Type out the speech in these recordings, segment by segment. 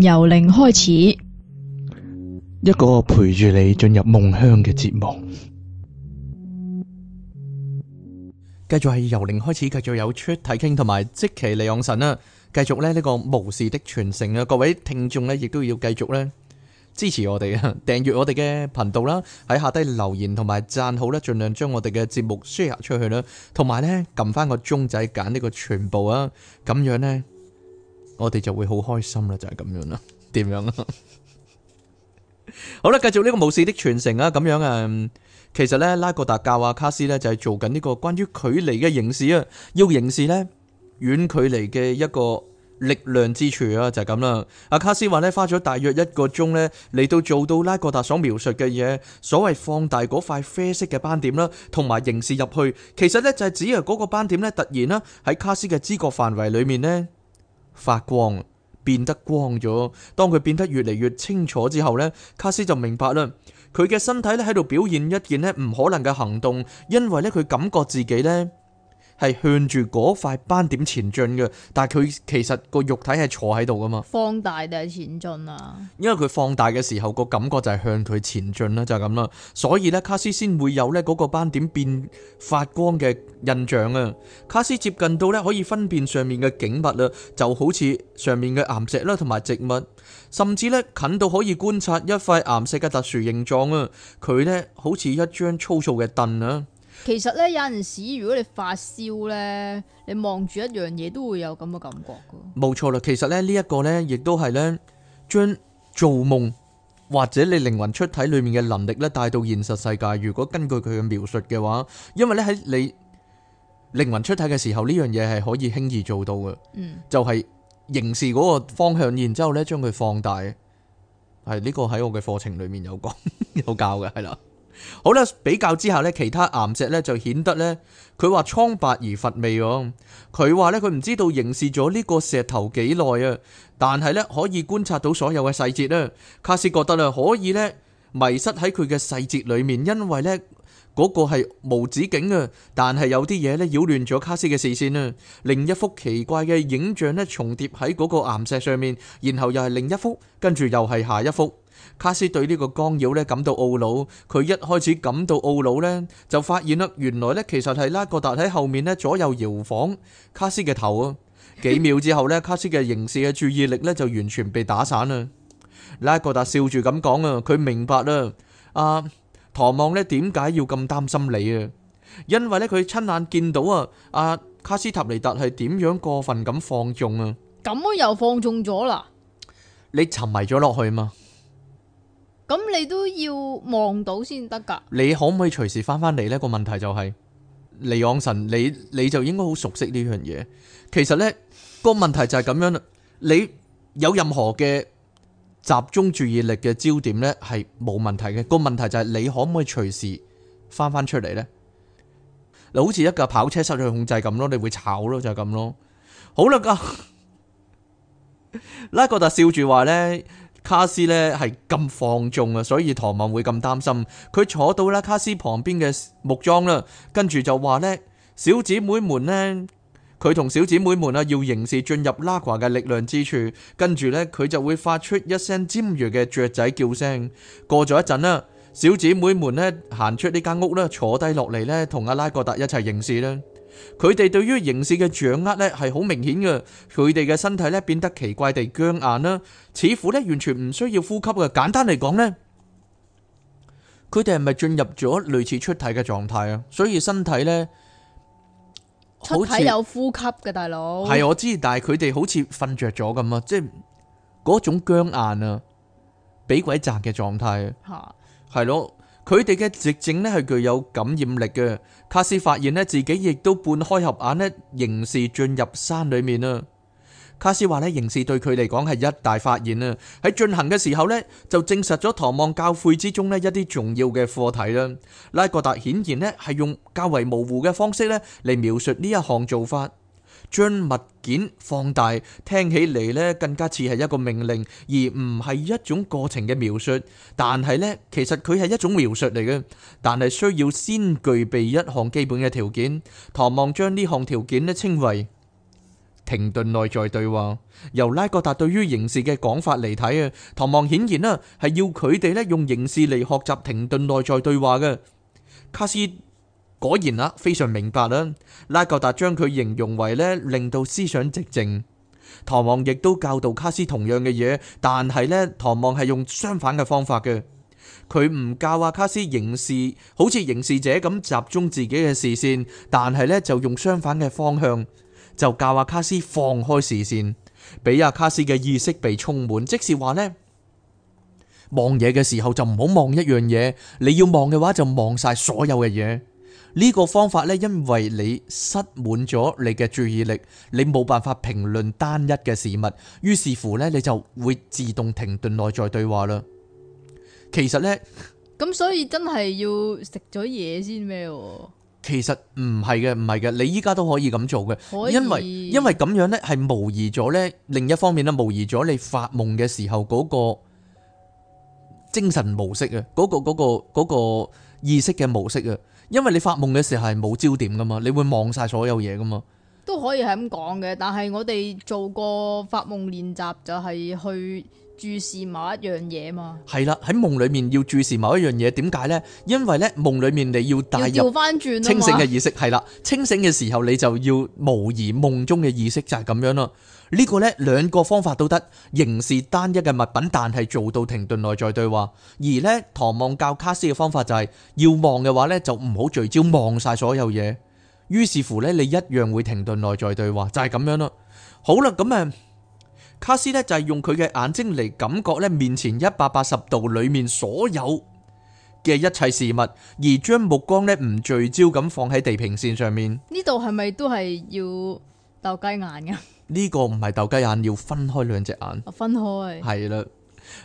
由零開始，一個陪住你進入夢鄉嘅節目，繼續係由零開始，繼續有出體傾同埋積其利用神啦。繼續咧、這、呢個巫士的傳承啊，各位聽眾呢亦都要繼續咧支持我哋啊，訂閱我哋嘅頻道啦，喺下低留言同埋讚好啦，盡量將我哋嘅節目 share 出去啦，同埋咧撳翻個鐘仔揀呢個全部啊，咁樣呢。我哋就會好開心啦，就係咁樣啦，點樣啊？ 好啦，繼續呢個巫士的傳承啊，咁樣誒，其實咧拉各達教阿卡斯咧就係做緊呢個關於距離嘅凝視啊，要凝視呢，遠距離嘅一個力量之處啊，就係咁啦。阿卡斯話咧，花咗大約一個鐘咧嚟到做到拉各達所描述嘅嘢，所謂放大嗰塊啡色嘅斑點啦，同埋凝視入去，其實咧就係指啊嗰個斑點咧突然啦喺卡斯嘅知覺範圍裏面咧。發光，變得光咗。當佢變得越嚟越清楚之後咧，卡斯就明白啦。佢嘅身體咧喺度表現一件咧唔可能嘅行動，因為咧佢感覺自己咧。係向住嗰塊斑點前進嘅，但係佢其實個肉體係坐喺度噶嘛？放大定係前進啊？因為佢放大嘅時候，個感覺就係向佢前進啦，就係咁啦。所以咧，卡斯先會有呢嗰個斑點變發光嘅印象啊。卡斯接近到呢，可以分辨上面嘅景物啦，就好似上面嘅岩石啦，同埋植物，甚至呢，近到可以觀察一塊岩石嘅特殊形狀啊。佢呢，好似一張粗糙嘅凳。啊。其實咧，有陣時，如果你發燒咧，你望住一樣嘢都會有咁嘅感覺噶。冇錯啦，其實咧，呢一個咧，亦都係咧將做夢或者你靈魂出體裏面嘅能力咧帶到現實世界。如果根據佢嘅描述嘅話，因為咧喺你靈魂出體嘅時候，呢樣嘢係可以輕易做到嘅。嗯，就係凝視嗰個方向，然之後咧將佢放大。係呢個喺我嘅課程裏面有講 有教嘅，係啦。好啦，比較之下呢，其他岩石呢就顯得呢，佢話蒼白而乏味。佢話呢，佢唔知道凝視咗呢個石頭幾耐啊，但係呢，可以觀察到所有嘅細節啦。卡斯覺得呢，可以呢，迷失喺佢嘅細節裏面，因為呢，嗰個係無止境啊。但係有啲嘢呢，擾亂咗卡斯嘅視線啊，另一幅奇怪嘅影像呢，重疊喺嗰個岩石上面，然後又係另一幅，跟住又係下一幅。卡斯對呢個干擾咧感到懊惱，佢一開始感到懊惱咧，就發現咧原來咧其實係拉格達喺後面咧左右搖晃卡斯嘅頭啊！幾秒之後咧，卡斯嘅凝視嘅注意力咧就完全被打散啦。拉格達笑住咁講啊，佢明白啦，阿唐望咧點解要咁擔心你啊？因為咧佢親眼見到啊，阿卡斯塔尼達係點樣過分咁放縱啊！咁又放縱咗啦？你沉迷咗落去嘛？咁你都要望到先得噶。你可唔可以隨時翻返嚟呢？個問題就係，尼昂神，你你就應該好熟悉呢樣嘢。其實呢個問題就係咁樣啦。你有任何嘅集中注意力嘅焦點呢，係冇問題嘅。個問題就係，是，你可唔可以隨時翻翻出嚟呢？你好似一架跑車失去控制咁咯，你會炒咯就係咁咯。好啦，㗎、啊、 拉哥特笑住話呢。卡斯咧係咁放縱啊，所以唐文會咁擔心。佢坐到啦卡斯旁邊嘅木樁啦，跟住就話呢，小姐妹們呢，佢同小姐妹們啊要凝視進入拉華嘅力量之處。跟住呢，佢就會發出一聲尖銳嘅雀仔叫聲。過咗一陣啦，小姐妹們咧行出呢間屋呢，坐低落嚟呢，同阿拉各達一齊凝視。啦。佢哋對於形勢嘅掌握咧係好明顯嘅，佢哋嘅身體咧變得奇怪地僵硬啦，似乎咧完全唔需要呼吸嘅。簡單嚟講呢，佢哋係咪進入咗類似出體嘅狀態啊？所以身體呢，好出體有呼吸嘅大佬係我知，但係佢哋好似瞓着咗咁啊，即係嗰種僵硬啊，俾鬼砸嘅狀態啊，係咯，佢哋嘅直症咧係具有感染力嘅。卡斯發現咧，自己亦都半開合眼咧，仍是進入山裏面啊！卡斯話咧，仍是對佢嚟講係一大發現啊！喺進行嘅時候呢就證實咗《唐望教誨》之中呢一啲重要嘅課題啦。拉各達顯然呢係用較為模糊嘅方式咧嚟描述呢一項做法。將物件放大，聽起嚟呢更加似係一個命令，而唔係一種過程嘅描述。但係呢，其實佢係一種描述嚟嘅，但係需要先具備一項基本嘅條件。唐望將呢項條件呢稱為停頓內在對話。由拉各達對於刑事嘅講法嚟睇啊，唐望顯然啦係要佢哋呢用刑事嚟學習停頓內在對話嘅。卡斯果然啊，非常明白啦、啊。拉格達將佢形容為咧，令到思想寂靜。唐望亦都教導卡斯同樣嘅嘢，但係呢，唐望係用相反嘅方法嘅。佢唔教阿、啊、卡斯凝視，好似凝視者咁集中自己嘅視線，但係呢，就用相反嘅方向，就教阿、啊、卡斯放開視線，俾阿、啊、卡斯嘅意識被充滿，即是話呢，望嘢嘅時候就唔好望一樣嘢，你要望嘅話就望晒所有嘅嘢。呢個方法咧，因為你失滿咗你嘅注意力，你冇辦法評論單一嘅事物，於是乎咧，你就會自動停頓內在對話啦。其實咧，咁所以真係要食咗嘢先咩？其實唔係嘅，唔係嘅，你依家都可以咁做嘅，可以。因為因為咁樣咧係模擬咗咧，另一方面咧模擬咗你發夢嘅時候嗰個精神模式嘅，嗰個嗰個嗰個意識嘅模式嘅。因為你發夢嘅時候係冇焦點噶嘛，你會望晒所有嘢噶嘛，都可以係咁講嘅。但係我哋做過發夢練習就係去注視某一樣嘢嘛。係啦，喺夢裏面要注視某一樣嘢，點解呢？因為咧夢裏面你要帶入清醒嘅意識。係啦，清醒嘅時候你就要模擬夢中嘅意識，就係咁樣啦。呢個呢兩個方法都得，仍是單一嘅物品，但係做到停頓內在對話。而呢唐望教卡斯嘅方法就係要望嘅話呢，就唔好聚焦望晒所有嘢。於是乎呢，你一樣會停頓內在對話，就係咁樣咯。好啦，咁啊，卡斯呢就係用佢嘅眼睛嚟感覺呢面前一百八十度裏面所有嘅一切事物，而將目光呢唔聚焦咁放喺地平線上面。呢度係咪都係要鬥雞眼噶？呢個唔係鬥雞眼，要分開兩隻眼。啊，分開。係啦，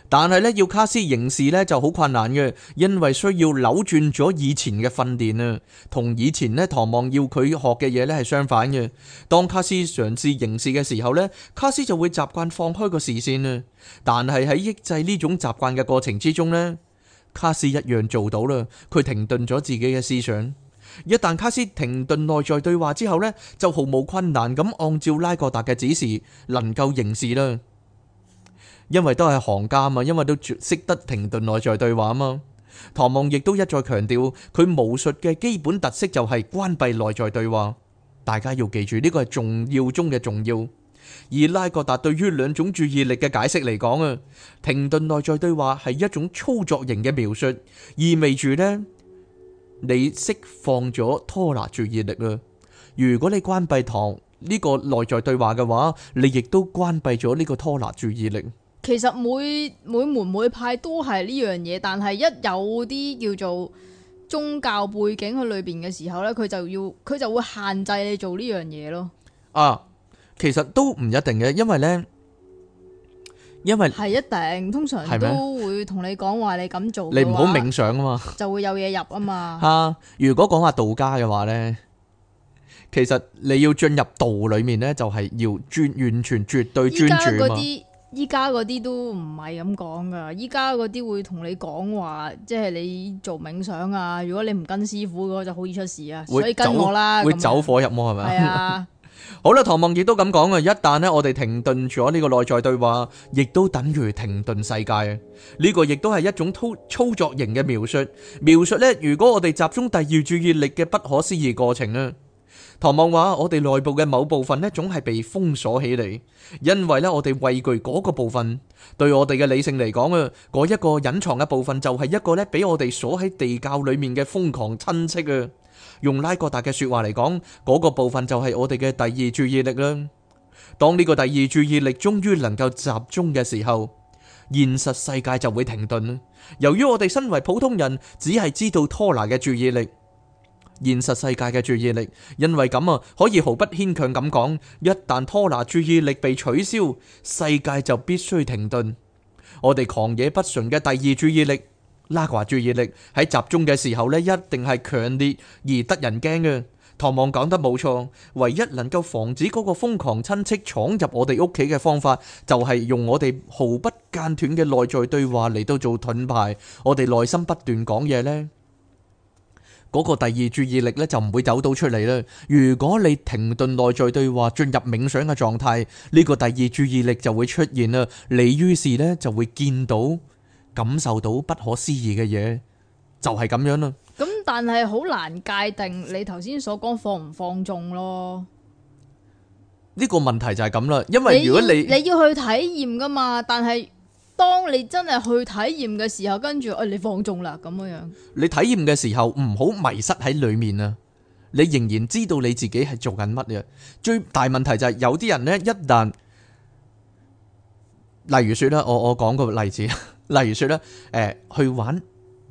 但係呢，要卡斯凝視呢就好困難嘅，因為需要扭轉咗以前嘅訓練啊，同以前呢，唐望要佢學嘅嘢呢係相反嘅。當卡斯嘗試凝視嘅時候呢，卡斯就會習慣放開個視線啊。但係喺抑制呢種習慣嘅過程之中呢，卡斯一樣做到啦。佢停頓咗自己嘅思想。一旦卡斯停頓內在對話之後呢，就毫無困難咁按照拉格達嘅指示，能夠行事啦。因為都係行家嘛，因為都識得停頓內在對話嘛。唐望亦都一再強調，佢巫術嘅基本特色就係關閉內在對話。大家要記住，呢個係重要中嘅重要。而拉格達對於兩種注意力嘅解釋嚟講啊，停頓內在對話係一種操作型嘅描述，意味住呢。你釋放咗拖拿注意力啦。如果你關閉堂呢個內在對話嘅話，你亦都關閉咗呢個拖拿注意力。其實每每門每派都係呢樣嘢，但係一有啲叫做宗教背景喺裏邊嘅時候呢，佢就要佢就會限制你做呢樣嘢咯。啊，其實都唔一定嘅，因為呢。因為係一定，通常都會同你講話你咁做，你唔好冥想啊嘛，就會有嘢入啊嘛。吓，如果講話道家嘅話咧，其實你要進入道裏面咧，就係要專完全絕對專注啊嘛。依家嗰啲，依家嗰啲都唔係咁講噶。依家嗰啲會同你講話，即係你做冥想啊。如果你唔跟師傅嘅話，就好易出事啊。所以跟我啦，會走火入魔係咪？係啊。好啦，唐望亦都咁講啊！一旦呢，我哋停頓住咗呢個內在對話，亦都等於停頓世界。啊。呢個亦都係一種操操作型嘅描述。描述呢，如果我哋集中第二注意力嘅不可思議過程啊！唐望話：我哋內部嘅某部分呢，總係被封鎖起嚟，因為呢，我哋畏懼嗰個部分。對我哋嘅理性嚟講啊，嗰一個隱藏嘅部分就係一個呢，俾我哋鎖喺地窖裏面嘅瘋狂親戚啊！用拉各達嘅說話嚟講，嗰、那個部分就係我哋嘅第二注意力啦。當呢個第二注意力終於能夠集中嘅時候，現實世界就會停頓。由於我哋身為普通人，只係知道拖拿嘅注意力，現實世界嘅注意力，因為咁啊，可以毫不牽強咁講，一旦拖拿注意力被取消，世界就必須停頓。我哋狂野不純嘅第二注意力。拉華注意力喺集中嘅時候呢，一定係強烈而得人驚嘅。唐望講得冇錯，唯一能夠防止嗰個瘋狂親戚闖入我哋屋企嘅方法，就係用我哋毫不間斷嘅內在對話嚟到做盾牌。我哋內心不斷講嘢呢，嗰個第二注意力呢，就唔會走到出嚟啦。如果你停頓內在對話，進入冥想嘅狀態，呢個第二注意力就會出現啦。你於是呢，就會見到。感受到不可思議嘅嘢就係咁樣啦。咁但係好難界定你頭先所講放唔放縱咯。呢個問題就係咁啦，因為如果你你要去體驗噶嘛，但係當你真係去體驗嘅時候，跟住誒，你放縱啦咁樣樣。你體驗嘅時候唔好迷失喺裏面啊！你仍然知道你自己係做緊乜嘢。最大問題就係有啲人呢，一旦例如說啦，我我講個例子。例如說咧，誒、呃，去玩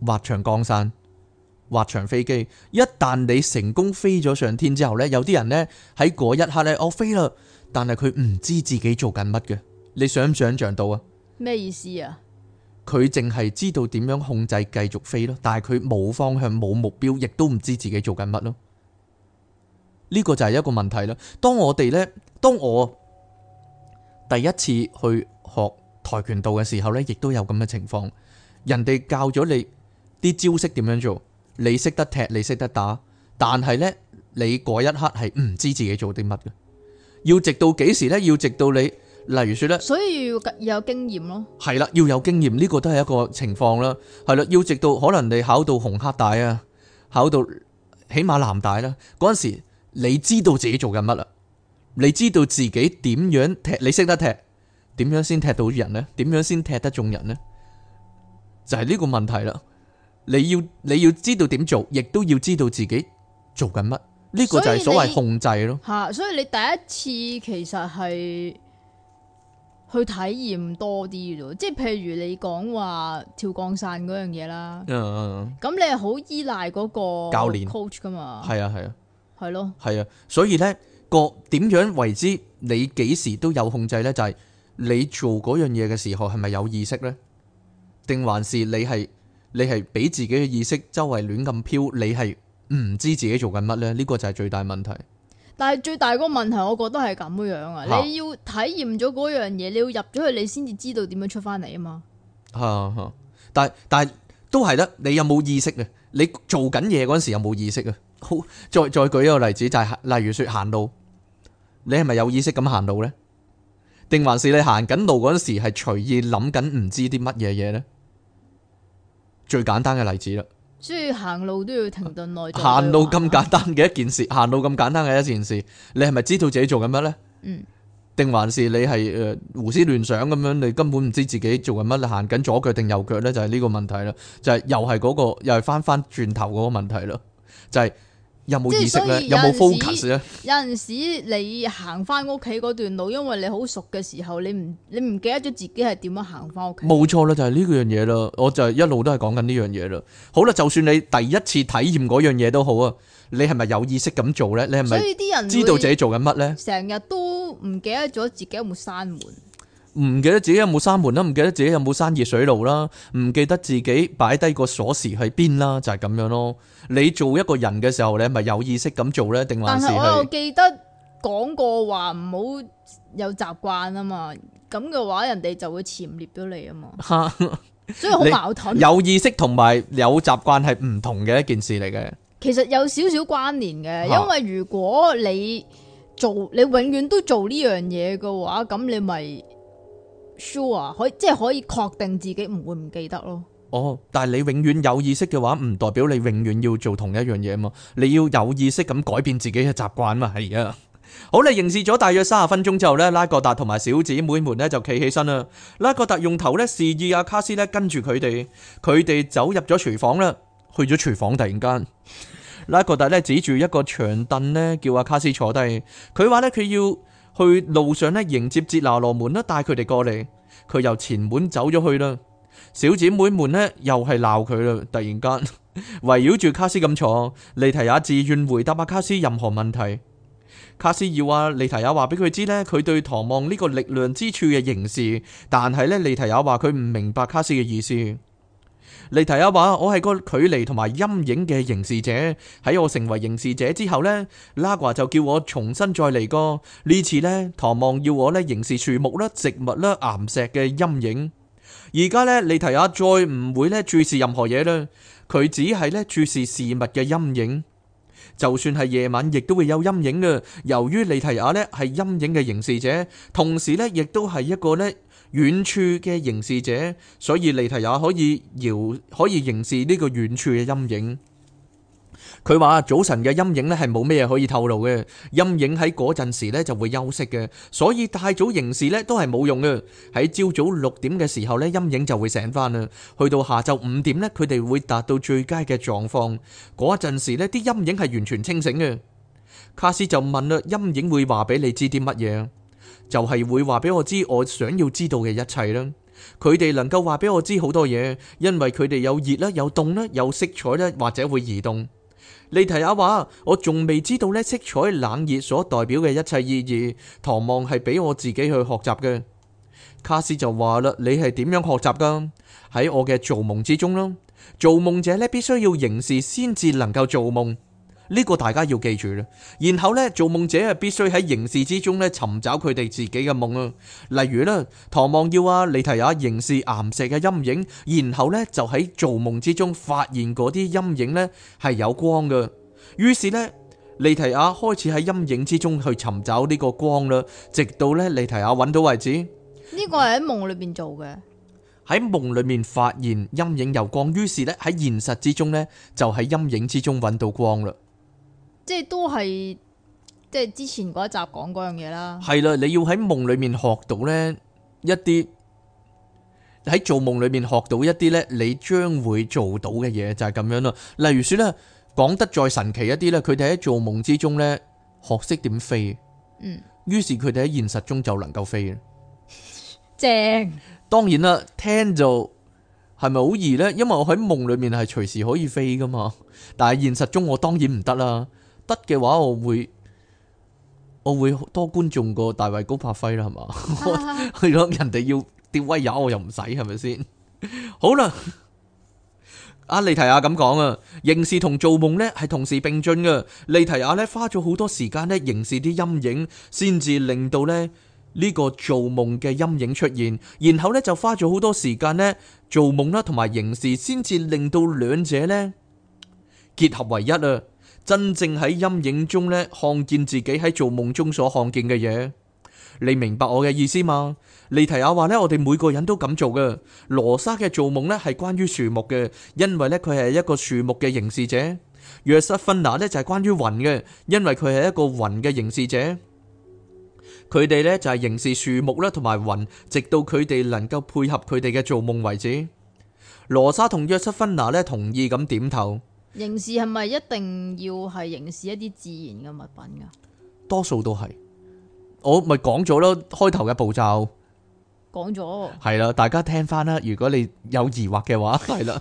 滑翔降傘、滑翔飛機。一旦你成功飛咗上天之後呢，有啲人呢喺嗰一刻呢，我、哦、飛啦，但係佢唔知自己做緊乜嘅。你想唔想象到啊？咩意思啊？佢淨係知道點樣控制繼續飛咯，但係佢冇方向、冇目標，亦都唔知自己做緊乜咯。呢、這個就係一個問題啦。當我哋呢，當我第一次去。跆拳道嘅時候呢，亦都有咁嘅情況。人哋教咗你啲招式點樣做，你識得踢，你識得打，但係呢，你嗰一刻係唔知自己做啲乜嘅。要直到幾時呢？要直到你，例如説呢，所以要有經驗咯。係啦，要有經驗呢個都係一個情況啦。係啦，要直到可能你考到紅黑帶啊，考到起碼藍帶啦。嗰陣時你知道自己做緊乜啦。你知道自己點樣踢？你識得踢。點樣先踢到人咧？點樣先踢得中人咧？就係呢個問題啦。你要你要知道點做，亦都要知道自己做緊乜。呢個就係所謂控制咯。吓，所以你第一次其實係去體驗多啲嘅啫。即係譬如你講話跳降傘嗰樣嘢啦，嗯嗯，咁你係好依賴嗰個教練 coach 噶嘛係啊係啊，係咯，係啊。所以呢個點樣為之？你幾時都有控制咧？就係。你做嗰樣嘢嘅時候係咪有意識呢？定還是你係你係俾自己嘅意識周圍亂咁飄？你係唔知自己做緊乜呢？呢個就係最大問題。但係最大嗰個問題，我覺得係咁樣啊！哈你要體驗咗嗰樣嘢，你要入咗去，你先至知道點樣出翻嚟啊嘛。但係但係都係咧。你有冇意識啊？你做緊嘢嗰時有冇意識啊？好，再再舉一個例子，就係例如說行路，你係咪有意識咁行路呢？定還是你行緊路嗰陣時係隨意諗緊唔知啲乜嘢嘢咧？最簡單嘅例子啦，即係行路都要停頓耐，行路咁簡單嘅一件事，行路咁簡單嘅一件事，你係咪知道自己做緊乜咧？嗯，定還是你係誒、呃、胡思亂想咁樣，你根本唔知自己做緊乜，行緊左腳定右腳咧？就係、是、呢個問題啦，就係、是、又係嗰、那個又係翻翻轉頭嗰個問題啦，就係、是。有冇意識咧？有冇 focus 咧？有陣時，時你行翻屋企嗰段路，因為你好熟嘅時候，你唔你唔記得咗自己係點樣行翻屋企。冇錯啦，就係呢個樣嘢啦。我就一路都係講緊呢樣嘢啦。好啦，就算你第一次體驗嗰樣嘢都好啊，你係咪有意識咁做咧？你係咪？所以啲人知道自己做緊乜咧？成日都唔記得咗自己有冇閂門。唔記得自己有冇閂門啦，唔記得自己有冇閂熱水路啦，唔記得自己擺低個鎖匙喺邊啦，就係咁樣咯。你做一個人嘅時候，你咪有意識咁做呢，定話？但係我又記得講過話唔好有習慣啊嘛，咁嘅話人哋就會潛裂咗你啊嘛，所以好矛盾。有意識同埋有習慣係唔同嘅一件事嚟嘅。其實有少少關聯嘅，因為如果你做你永遠都做呢樣嘢嘅話，咁你咪。sure 可以即係、就是、可以確定自己唔會唔記得咯。哦，但係你永遠有意識嘅話，唔代表你永遠要做同一樣嘢嘛。你要有意識咁改變自己嘅習慣嘛。係啊，好啦，凝視咗大約三十分鐘之後呢，拉各達同埋小姐妹們呢就企起身啦。拉各達用頭咧示意阿卡斯咧跟住佢哋，佢哋走入咗廚房啦。去咗廚房突然間，拉各達咧指住一個長凳呢叫阿卡斯坐低。佢話呢，佢要。去路上咧迎接哲拿羅門啦，帶佢哋過嚟。佢由前門走咗去啦，小姐妹們咧又係鬧佢啦。突然間圍繞住卡斯咁坐，利提亞自願回答阿卡斯任何問題。卡斯要阿利提亞話俾佢知呢，佢對唐望呢個力量之處嘅形勢，但係呢，利提亞話佢唔明白卡斯嘅意思。利提亞話：我係個距離同埋陰影嘅凝視者。喺我成為凝視者之後呢，拉瓜就叫我重新再嚟過呢次呢，唐望要我呢凝視樹木啦、植物啦、岩石嘅陰影。而家呢，利提亞再唔會呢注視任何嘢啦。佢只係呢注視事物嘅陰影。就算係夜晚，亦都會有陰影嘅。由於利提亞呢係陰影嘅凝視者，同時呢亦都係一個呢。遠處嘅凝視者，所以黎提也可以搖可以凝視呢個遠處嘅陰影。佢話早晨嘅陰影咧係冇咩嘢可以透露嘅，陰影喺嗰陣時咧就會休息嘅，所以太早凝視咧都係冇用嘅。喺朝早六點嘅時候咧，陰影就會醒返啦。去到下晝五點咧，佢哋會達到最佳嘅狀況。嗰陣時咧，啲陰影係完全清醒嘅。卡斯就問啦：陰影會話畀你知啲乜嘢？就係會話俾我知我想要知道嘅一切啦。佢哋能夠話俾我知好多嘢，因為佢哋有熱啦，有凍啦，有色彩啦，或者會移動。利提亞話：我仲未知道咧色彩冷熱所代表嘅一切意義。唐望係俾我自己去學習嘅。卡斯就話啦：你係點樣學習噶？喺我嘅做夢之中囉。做夢者呢必須要凝視先至能夠做夢。呢個大家要記住啦。然後咧，做夢者係必須喺凝視之中咧，尋找佢哋自己嘅夢啦。例如啦，唐望要啊，李提亞凝視岩石嘅陰影，然後咧就喺做夢之中發現嗰啲陰影咧，係有光嘅。於是咧，李提亞開始喺陰影之中去尋找呢個光啦。直到咧，李提亞搵到為止。呢個係喺夢裏面做嘅，喺夢裏面發現陰影有光，於是咧喺現實之中咧就喺陰影之中搵到光啦。即係都係，即係之前嗰一集講嗰樣嘢啦。係啦，你要喺夢裏面學到呢一啲，喺做夢裏面學到一啲呢，你將會做到嘅嘢就係咁樣啦。例如說呢，講得再神奇一啲呢，佢哋喺做夢之中呢，學識點飛，嗯，於是佢哋喺現實中就能夠飛。正，當然啦，聽就係咪好易呢？因為我喺夢裏面係隨時可以飛噶嘛，但係現實中我當然唔得啦。得嘅話，我會我會多觀眾過大衛高柏輝啦，係嘛？去咗人哋要吊威吔，我又唔使，係咪先？好啦，阿利提亞咁講啊，凝視同做夢呢係同時並進嘅。利提亞呢花咗好多時間呢凝視啲陰影，先至令到呢呢個做夢嘅陰影出現，然後呢就花咗好多時間呢做夢啦，同埋凝視，先至令到兩者呢結合為一啊！真正喺陰影中呢，看見自己喺做夢中所看見嘅嘢，你明白我嘅意思嗎？利提亞話呢，我哋每個人都咁做嘅。羅莎嘅做夢呢，係關於樹木嘅，因為呢，佢係一個樹木嘅凝視者。約瑟芬娜呢，就係關於雲嘅，因為佢係一個雲嘅凝視者。佢哋呢，就係凝視樹木啦，同埋雲，直到佢哋能夠配合佢哋嘅做夢為止。羅莎同約瑟芬娜呢，同意咁點頭。凝視係咪一定要係凝視一啲自然嘅物品噶？多數都係，我咪講咗咯開頭嘅步驟，講咗，係啦，大家聽翻啦。如果你有疑惑嘅話，係啦，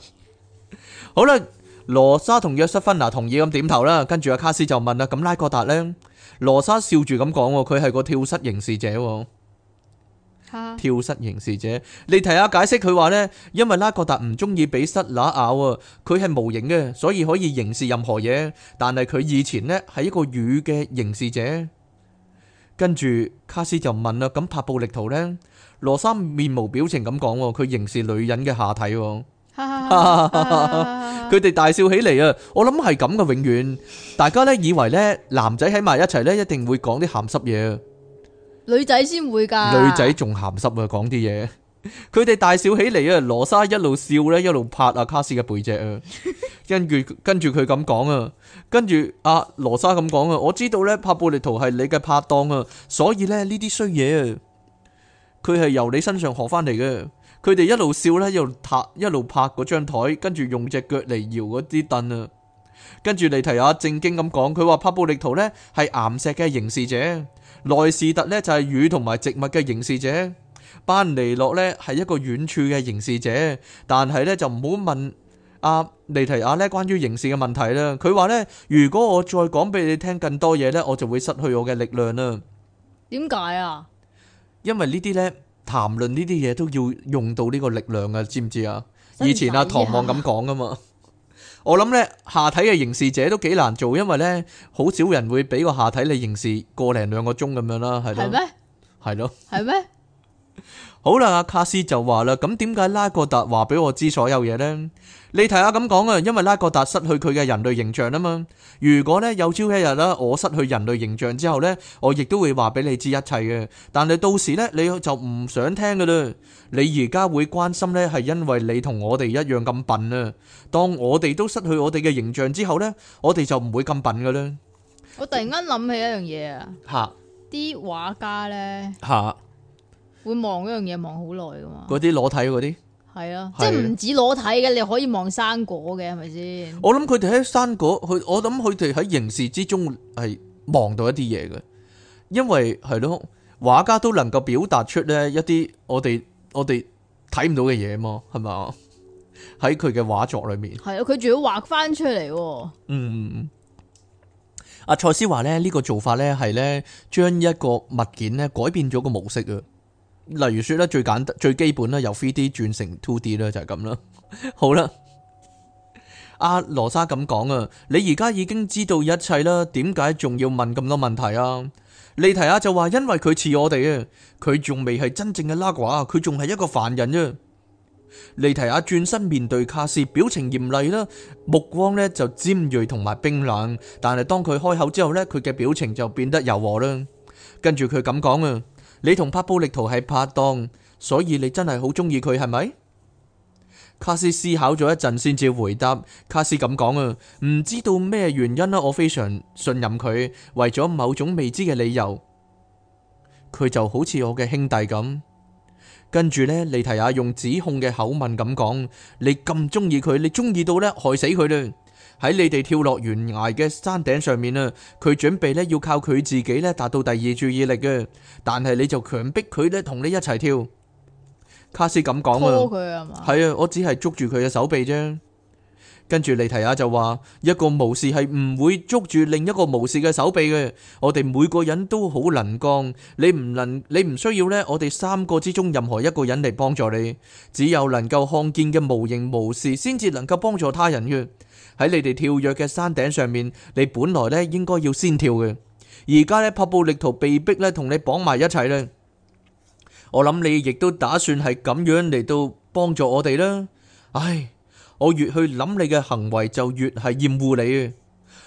好啦，羅莎同約瑟芬娜，同意咁點頭啦。跟住阿卡斯就問啦，咁拉格達呢？羅莎笑住咁講，佢係個跳蚤凝視者。跳蚤凝視者，你睇下解釋佢話呢，因為拉各達唔中意，俾虱乸咬啊，佢係無形嘅，所以可以凝視任何嘢。但係佢以前呢，係一個魚嘅凝視者。跟住卡斯就問啦，咁拍暴力圖呢？羅三面無表情咁講，佢凝視女人嘅下體。佢哋 大笑起嚟啊！我諗係咁嘅，永遠大家呢，以為呢男仔喺埋一齊呢，一定會講啲鹹濕嘢。女仔先會噶，女仔仲鹹濕啊！講啲嘢，佢 哋大笑起嚟啊！羅莎一路笑咧，一路拍阿卡斯嘅背脊 啊，跟住跟住佢咁講啊，跟住阿羅莎咁講啊，我知道呢，帕布力圖係你嘅拍檔啊，所以呢，呢啲衰嘢啊，佢係由你身上學翻嚟嘅。佢 哋一路笑咧，一路拍一路拍嗰張台，跟住用隻腳嚟搖嗰啲凳啊， 跟住嚟提阿正經咁講，佢話帕布力圖呢，係岩石嘅刑事者。內士特咧就係魚同埋植物嘅凝視者，班尼諾咧係一個遠處嘅凝視者，但係咧就唔好問阿尼提亞咧關於凝視嘅問題啦。佢話咧如果我再講俾你聽更多嘢咧，我就會失去我嘅力量啦。點解啊？因為呢啲咧談論呢啲嘢都要用到呢個力量啊，知唔知啊？以前阿唐望咁講㗎嘛。我諗咧下體嘅凝視者都幾難做，因為咧好少人會俾個下體你凝視個零兩個鐘咁樣啦，係咯？係咩？係咯？係咩？好啦，阿卡斯就話啦，咁點解拉格達話俾我知所有嘢呢？你睇下咁講啊，因為拉格達失去佢嘅人類形象啊嘛。如果呢，有朝一日啦，我失去人類形象之後呢，我亦都會話俾你知一切嘅。但係到時呢，你就唔想聽噶啦。你而家會關心呢，係因為你同我哋一樣咁笨啊。當我哋都失去我哋嘅形象之後呢，我哋就唔會咁笨噶啦。我突然間諗起一樣嘢啊，吓，啲畫家呢。吓。會望嗰樣嘢望好耐噶嘛？嗰啲裸體嗰啲係啊，啊即係唔止裸體嘅，你可以望生果嘅，係咪先？我諗佢哋喺生果，佢我諗佢哋喺凝視之中係望到一啲嘢嘅，因為係咯，畫家都能夠表達出呢一啲我哋我哋睇唔到嘅嘢嘛，係咪？喺佢嘅畫作裏面，係啊，佢仲要畫翻出嚟。嗯，嗯嗯！阿蔡思華呢，呢個做法呢，係呢，將一個物件呢改變咗個模式啊。例如說咧，最簡單最基本啦，由 three D 轉成 two D 啦，就係咁啦。好啦，阿羅莎咁講啊，你而家已經知道一切啦，點解仲要問咁多問題啊？利提亞就話，因為佢似我哋啊，佢仲未係真正嘅拉瓜，佢仲係一個凡人啫。利提亞轉身面對卡士，表情嚴厲啦，目光呢就尖銳同埋冰冷，但係當佢開口之後呢，佢嘅表情就變得柔和啦。跟住佢咁講啊。你同帕布力圖係拍檔，所以你真係好中意佢，係咪？卡斯思考咗一陣，先至回答。卡斯咁講啊，唔知道咩原因啦。我非常信任佢，為咗某種未知嘅理由，佢就好似我嘅兄弟咁。跟住呢，利提亞用指控嘅口吻咁講：你咁中意佢，你中意到呢，害死佢啦！喺你哋跳落懸崖嘅山頂上面啊，佢準備咧要靠佢自己咧達到第二注意力嘅，但係你就強迫佢咧同你一齊跳。卡斯咁講啊，係啊，我只係捉住佢嘅手臂啫。跟住利提亞就話：一個巫士係唔會捉住另一個巫士嘅手臂嘅。我哋每個人都好能幹，你唔能，你唔需要呢。我哋三個之中任何一個人嚟幫助你，只有能夠看見嘅無形巫士先至能夠幫助他人嘅。喺你哋跳躍嘅山頂上面，你本來呢應該要先跳嘅，而家呢，帕布力圖被逼呢同你綁埋一齊呢，我諗你亦都打算係咁樣嚟到幫助我哋啦。唉，我越去諗你嘅行為，就越係厭惡你。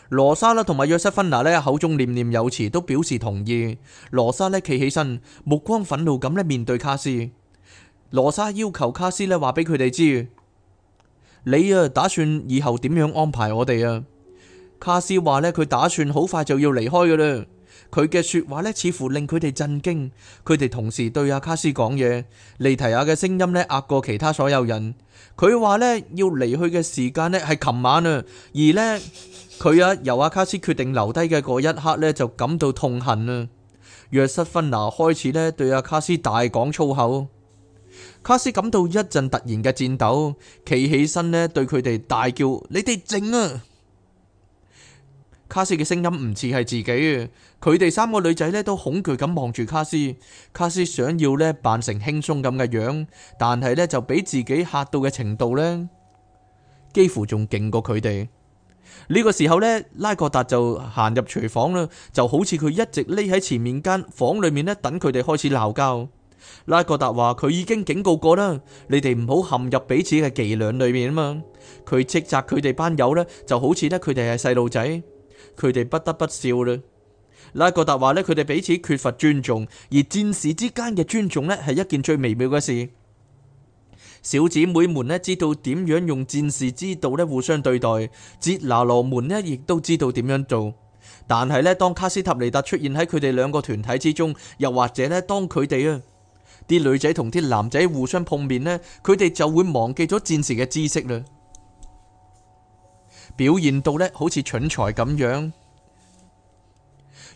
羅莎啦，同埋約瑟芬娜呢，口中念念有詞，都表示同意。羅莎呢，企起身，目光憤怒咁呢，面對卡斯。羅莎要求卡斯呢，話俾佢哋知。你啊，打算以後點樣安排我哋啊？卡斯話呢，佢打算好快就要離開噶啦。佢嘅說話呢，似乎令佢哋震驚。佢哋同時對阿卡斯講嘢，利提亞嘅聲音呢壓過其他所有人。佢話呢，要離去嘅時間呢係琴晚啊，而呢，佢啊由阿卡斯決定留低嘅嗰一刻呢，就感到痛恨啊。約瑟芬娜開始呢，對阿卡斯大講粗口。卡斯感到一陣突然嘅顫抖，企起身咧，對佢哋大叫：你哋靜啊！卡斯嘅聲音唔似係自己，佢哋三個女仔咧都恐懼咁望住卡斯。卡斯想要咧扮成輕鬆咁嘅樣，但係咧就俾自己吓到嘅程度呢，幾乎仲勁過佢哋。呢、這個時候呢，拉各達就行入廚房啦，就好似佢一直匿喺前面間房裏面咧等佢哋開始鬧交。拉各達話：佢已經警告過啦，你哋唔好陷入彼此嘅伎倆裏面啊嘛。佢斥責佢哋班友呢，就好似咧佢哋係細路仔，佢哋不得不笑啦。拉各達話呢，佢哋彼此缺乏尊重，而戰士之間嘅尊重呢，係一件最微妙嘅事。小姐妹們呢，知道點樣用戰士之道咧互相對待，傑拿羅門呢，亦都知道點樣做。但係呢，當卡斯塔尼達出現喺佢哋兩個團體之中，又或者呢，當佢哋啊。啲女仔同啲男仔互相碰面呢，佢哋就會忘記咗戰時嘅知識啦，表現到呢好似蠢才咁樣。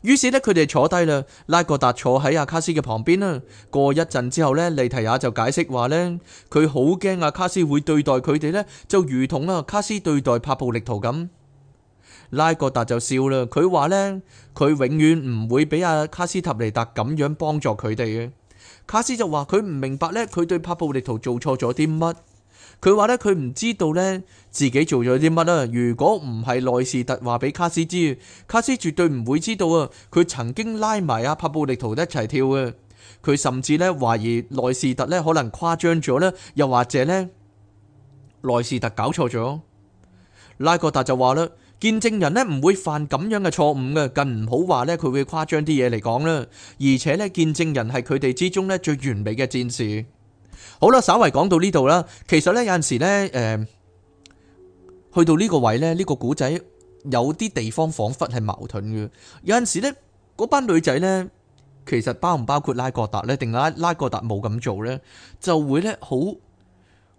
於是呢，佢哋坐低啦，拉各達坐喺阿卡斯嘅旁邊啦。過一陣之後呢，利提亞就解釋話呢，佢好驚阿卡斯會對待佢哋呢，就如同阿卡斯對待帕布力圖咁。拉各達就笑啦，佢話呢，佢永遠唔會俾阿卡斯塔尼達咁樣幫助佢哋嘅。卡斯就話佢唔明白呢，佢對帕布利圖做錯咗啲乜？佢話呢，佢唔知道呢，自己做咗啲乜啊！如果唔係內士特話俾卡斯知，卡斯絕對唔會知道啊！佢曾經拉埋阿帕布利圖一齊跳啊！佢甚至呢懷疑內士特呢可能誇張咗呢，又或者呢，內士特搞錯咗。拉各達就話啦。見證人咧唔會犯咁樣嘅錯誤嘅，更唔好話咧佢會誇張啲嘢嚟講啦。而且咧見證人係佢哋之中咧最完美嘅戰士。好啦，稍微講到呢度啦。其實咧有陣時咧，誒，去到呢個位咧，呢個古仔有啲地方仿佛係矛盾嘅。有陣時咧，嗰班女仔咧，其實包唔包括拉各達咧？定拉拉各達冇咁做咧，就會咧好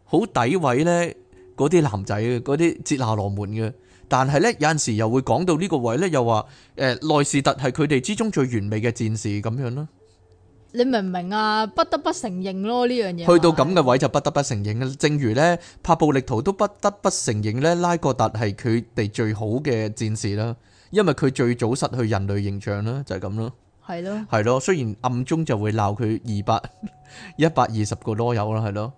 好詆毀咧嗰啲男仔嘅嗰啲捷那羅門嘅。但係咧，有陣時又會講到呢個位咧，又話誒，內斯特係佢哋之中最完美嘅戰士咁樣咯。你明唔明啊？不得不承認咯，呢樣嘢。去到咁嘅位就不得不承認。正如咧，帕布力圖都不得不承認咧，拉各達係佢哋最好嘅戰士啦。因為佢最早失去人類形象啦，就係咁咯。係咯，係咯。雖然暗中就會鬧佢二百一百二十個囉柚啦，係咯，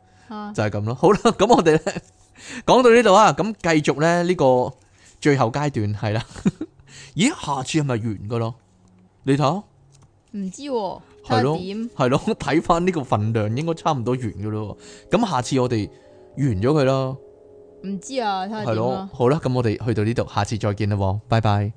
就係咁咯。好啦，咁我哋咧講到呢度啊，咁繼續咧呢個。最後階段係啦， 咦？下次係咪完噶咯？你睇，唔知係咯點？係咯，睇翻呢個份量，應該差唔多完噶咯。咁下次我哋完咗佢啦。唔知啊，睇下點啦。係咯，好啦，咁我哋去到呢度，下次再見啦，拜拜。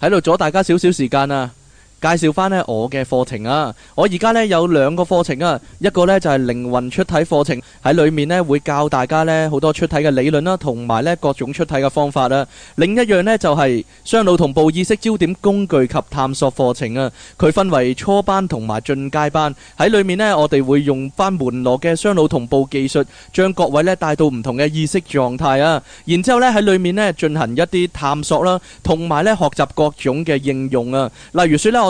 喺度阻大家少少時間啊！介紹翻咧我嘅課程啊！我而家咧有兩個課程啊，一個咧就係靈魂出體課程，喺裏面咧會教大家咧好多出體嘅理論啦，同埋咧各種出體嘅方法啦。另一樣咧就係雙腦同步意識焦點工具及探索課程啊。佢分為初班同埋進階班，喺裏面咧我哋會用返門羅嘅雙腦同步技術，將各位咧帶到唔同嘅意識狀態啊。然之後咧喺裏面咧進行一啲探索啦，同埋咧學習各種嘅應用啊。例如説咧我。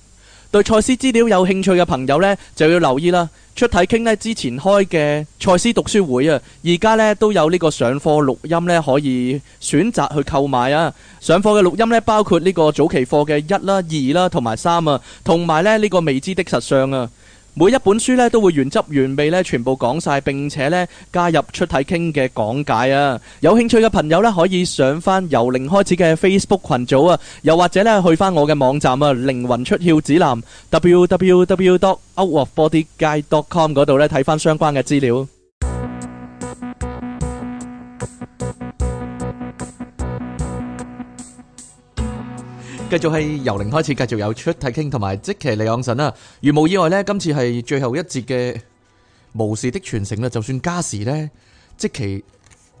對賽斯資料有興趣嘅朋友呢，就要留意啦！出體傾呢之前開嘅賽斯讀書會啊，而家呢都有呢個上課錄音呢，可以選擇去購買啊！上課嘅錄音呢，包括呢個早期課嘅一啦、二啦同埋三啊，同埋咧呢個未知的實相啊！每一本書咧都會原汁原味咧全部講晒，並且咧加入出體傾嘅講解啊！有興趣嘅朋友咧可以上翻由零開始嘅 Facebook 群組啊，又或者咧去翻我嘅網站啊，靈魂出竅指南 www.outofbodyguide.com 嗰度咧睇翻相關嘅資料。繼續係由零開始，繼續有出睇傾，同埋即其李昂神啦。如無意外咧，今次係最後一節嘅《巫士的傳承》啦。就算加時呢，即其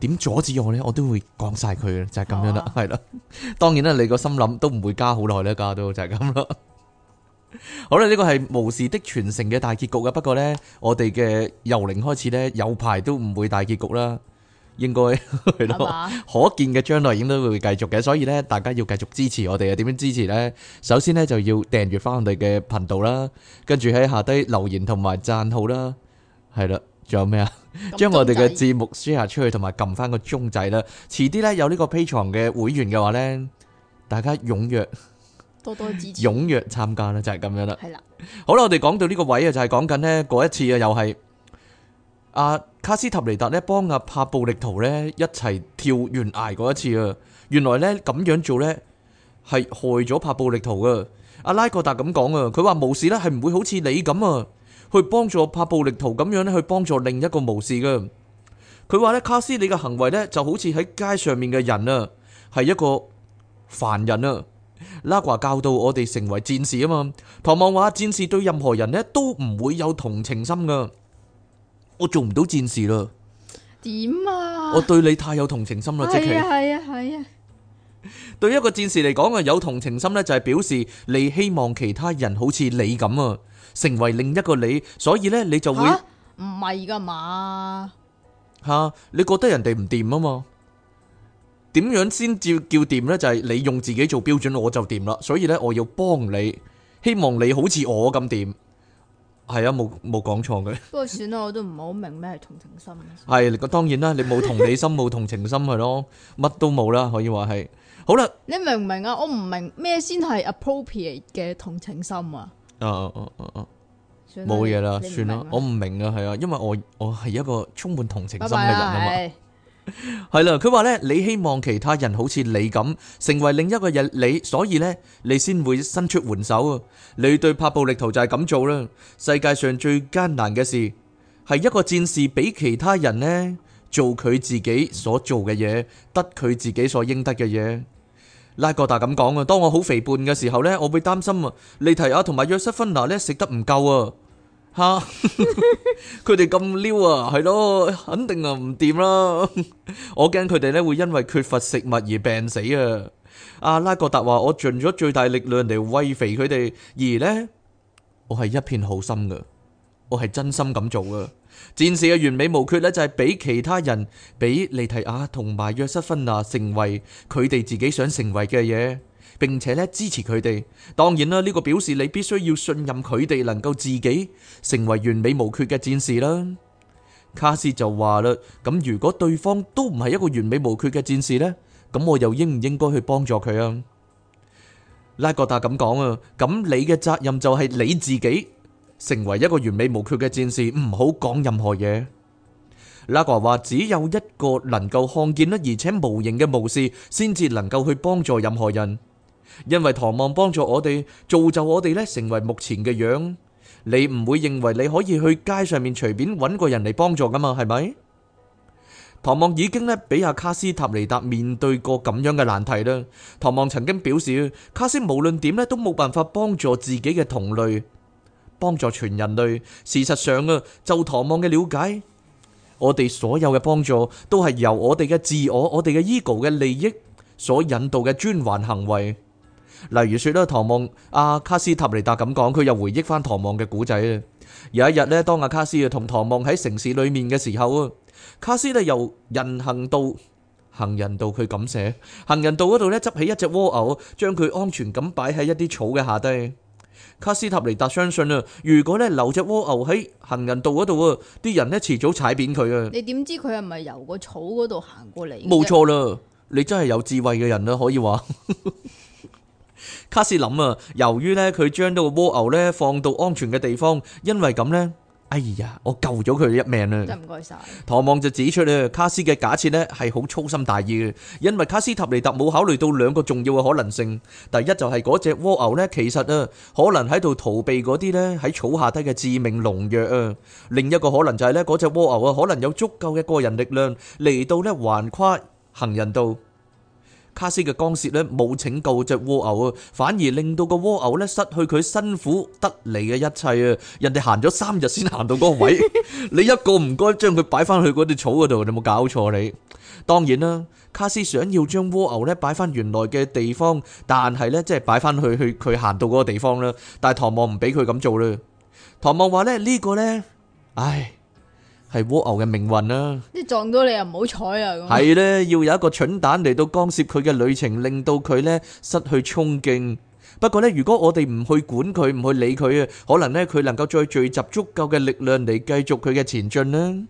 點阻止我呢？我都會講晒佢嘅，就係、是、咁樣啦，係啦、啊。當然啦，你個心諗都唔會加、就是、 好耐啦，加都就係咁啦。好啦，呢個係《巫士的傳承》嘅大結局啊。不過呢，我哋嘅由零開始呢有排都唔會大結局啦。應該係咯， 可見嘅將來應該會繼續嘅，所以咧，大家要繼續支持我哋啊。點樣支持呢？首先呢，就要訂閱翻我哋嘅頻道啦，跟住喺下低留言同埋讚好啦，係啦，仲有咩啊？將 我哋嘅節目 share 出去同埋撳翻個鐘仔啦。遲啲呢，有呢個 Patreon 嘅會員嘅話呢，大家踊躍，多多支持，踊躍參加啦！就係、是、咁樣啦。係啦了，好啦，我哋講到呢個位啊，就係講緊呢，過一次啊，又係。阿、啊、卡斯塔尼達咧幫阿帕布力圖咧一齊跳懸崖嗰一次啊，原來呢，咁樣做呢，係害咗帕布力圖噶。阿拉哥達咁講啊，佢話巫士呢，係唔會好似你咁啊，去幫助帕布力圖咁樣呢，去幫助另一個巫士噶。佢話呢，卡斯里嘅行為呢，就好似喺街上面嘅人啊，係一個凡人啊。拉瓜教導我哋成為戰士啊嘛。唐望話戰士對任何人呢，都唔會有同情心噶。我做唔到戰士啦，點啊？我對你太有同情心啦，即係係啊係啊，對一個戰士嚟講啊，有同情心咧就係表示你希望其他人好似你咁啊，成為另一個你，所以咧你就會唔係噶嘛吓？你覺得人哋唔掂啊嘛？點樣先至叫掂咧？就係你用自己做標準，我就掂啦。所以咧，我要幫你，希望你好似我咁掂。係啊，冇冇講錯嘅。不過算啦，我都唔好明咩係同情心。係，當然啦，你冇同理心、冇 同情心係咯，乜都冇啦，可以話係。好啦。你明唔明啊？我唔明咩先係 appropriate 嘅同情心啊。啊啊啊啊！冇嘢啦，你算啦了，我唔明啊，係啊，因為我我係一個充滿同情心嘅人啊嘛。Bye bye, 的係啦，佢話 呢，你希望其他人好似你咁，成為另一個人你，所以呢，你先會伸出援手啊。你對帕布力圖就係咁做啦。世界上最艱難嘅事，係一個戰士俾其他人呢做佢自己所做嘅嘢，得佢自己所應得嘅嘢。拉哥達咁講啊，當我好肥胖嘅時候呢，我會擔心啊，利提亞同埋約瑟芬娜呢，食得唔夠啊。吓，佢哋咁溜啊，係咯，肯定啊，唔掂啦。 我驚佢哋咧會因為缺乏食物而病死啊。阿拉戈達話我盡咗最大力量嚟餵肥佢哋，而呢，我係一片好心噶，我係真心咁做噶。戰士嘅完美無缺咧就係俾其他人，俾利提亞同埋約瑟芬娜成為佢哋自己想成為嘅嘢。並且咧支持佢哋，當然啦，呢個表示你必須要信任佢哋能夠自己成為完美無缺嘅戰士啦。卡斯就話啦，咁如果對方都唔係一個完美無缺嘅戰士呢，咁我又應唔應該去幫助佢啊？拉格達咁講啊，咁你嘅責任就係你自己成為一個完美無缺嘅戰士，唔好講任何嘢。拉格華話，只有一個能夠看見啦而且無形嘅巫士，先至能夠去幫助任何人。因為唐望幫助我哋造就我哋咧成為目前嘅樣，你唔會認為你可以去街上面隨便揾個人嚟幫助噶嘛？係咪？唐望已經咧俾阿卡斯塔尼達面對過咁樣嘅難題啦。唐望曾經表示，卡斯無論點咧都冇辦法幫助自己嘅同類，幫助全人類。事實上啊，就唐望嘅了解，我哋所有嘅幫助都係由我哋嘅自我、我哋嘅 ego 嘅利益所引導嘅循環行為。例如說咧，唐望阿、啊、卡斯塔尼達咁講，佢又回憶翻唐望嘅古仔啊。有一日呢當阿卡斯啊同唐望喺城市裏面嘅時候啊，卡斯咧由人行道行人道寫，佢咁寫行人道嗰度呢，執起一隻蝸牛，將佢安全咁擺喺一啲草嘅下低。卡斯塔尼達相信啊，如果呢留隻蝸牛喺行人道嗰度啊，啲人呢遲早踩扁佢啊。你點知佢係咪由個草嗰度行過嚟？冇錯啦，你真係有智慧嘅人啦，可以話。 卡斯諗啊，由於咧佢將呢個蝸牛咧放到安全嘅地方，因為咁咧，哎呀，我救咗佢一命啦！真係唔該晒。唐望就指出咧，卡斯嘅假設咧係好粗心大意嘅，因為卡斯塔尼特冇考慮到兩個重要嘅可能性。第一就係嗰隻蝸牛咧，其實啊，可能喺度逃避嗰啲咧喺草下低嘅致命農藥啊。另一個可能就係咧，嗰隻蝸牛啊，可能有足夠嘅個人力量嚟到咧橫跨行人道。卡斯嘅干涉咧冇拯救隻蝸牛啊，反而令到個蝸牛咧失去佢辛苦得嚟嘅一切啊！人哋行咗三日先行到嗰個位，你一個唔該將佢擺翻去嗰啲草嗰度，你冇搞錯你。當然啦，卡斯想要將蝸牛咧擺翻原來嘅地方，但係咧即係擺翻去去佢行到嗰個地方啦。但係唐望唔俾佢咁做啦。唐望話咧呢個咧，唉。係蝸牛嘅命運啦，啊，即撞到你又唔好彩啊！係 呢，要有一個蠢蛋嚟到干涉佢嘅旅程，令到佢呢失去衝勁。不過呢，如果我哋唔去管佢，唔去理佢啊，可能呢，佢能夠再聚集足夠嘅力量嚟繼續佢嘅前進呢，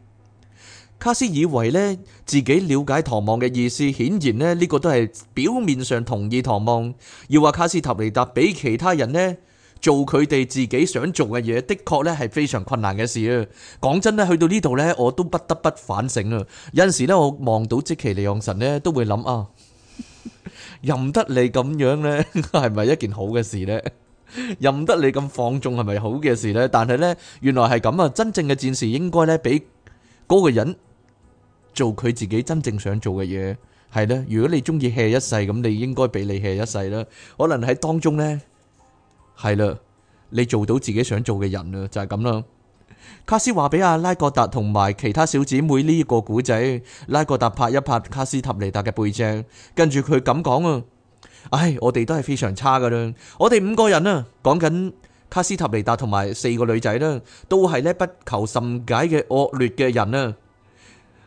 卡斯以為呢，自己了解唐望嘅意思，顯然呢，呢、這個都係表面上同意唐望，要話卡斯塔尼達畀其他人呢。做佢哋自己想做嘅嘢，的確咧係非常困難嘅事啊！講真咧，去到呢度咧，我都不得不反省啊！有陣時咧，我望到即其尼望神咧，都會諗啊，任得你咁樣咧，係咪一件好嘅事咧？任得你咁放縱，係咪好嘅事咧？但係咧，原來係咁啊！真正嘅戰士應該咧，俾嗰個人做佢自己真正想做嘅嘢，係咧。如果你中意 hea 一世，咁你應該俾你 hea 一世啦。可能喺當中咧。係啦，你做到自己想做嘅人啦，就係咁啦。卡斯話俾阿拉各達同埋其他小姐妹呢個古仔，拉各達拍一拍卡斯塔尼達嘅背脊，跟住佢咁講啊，唉，我哋都係非常差噶啦，我哋五個人啊，講緊卡斯塔尼達同埋四個女仔啦，都係呢不求甚解嘅惡劣嘅人啊。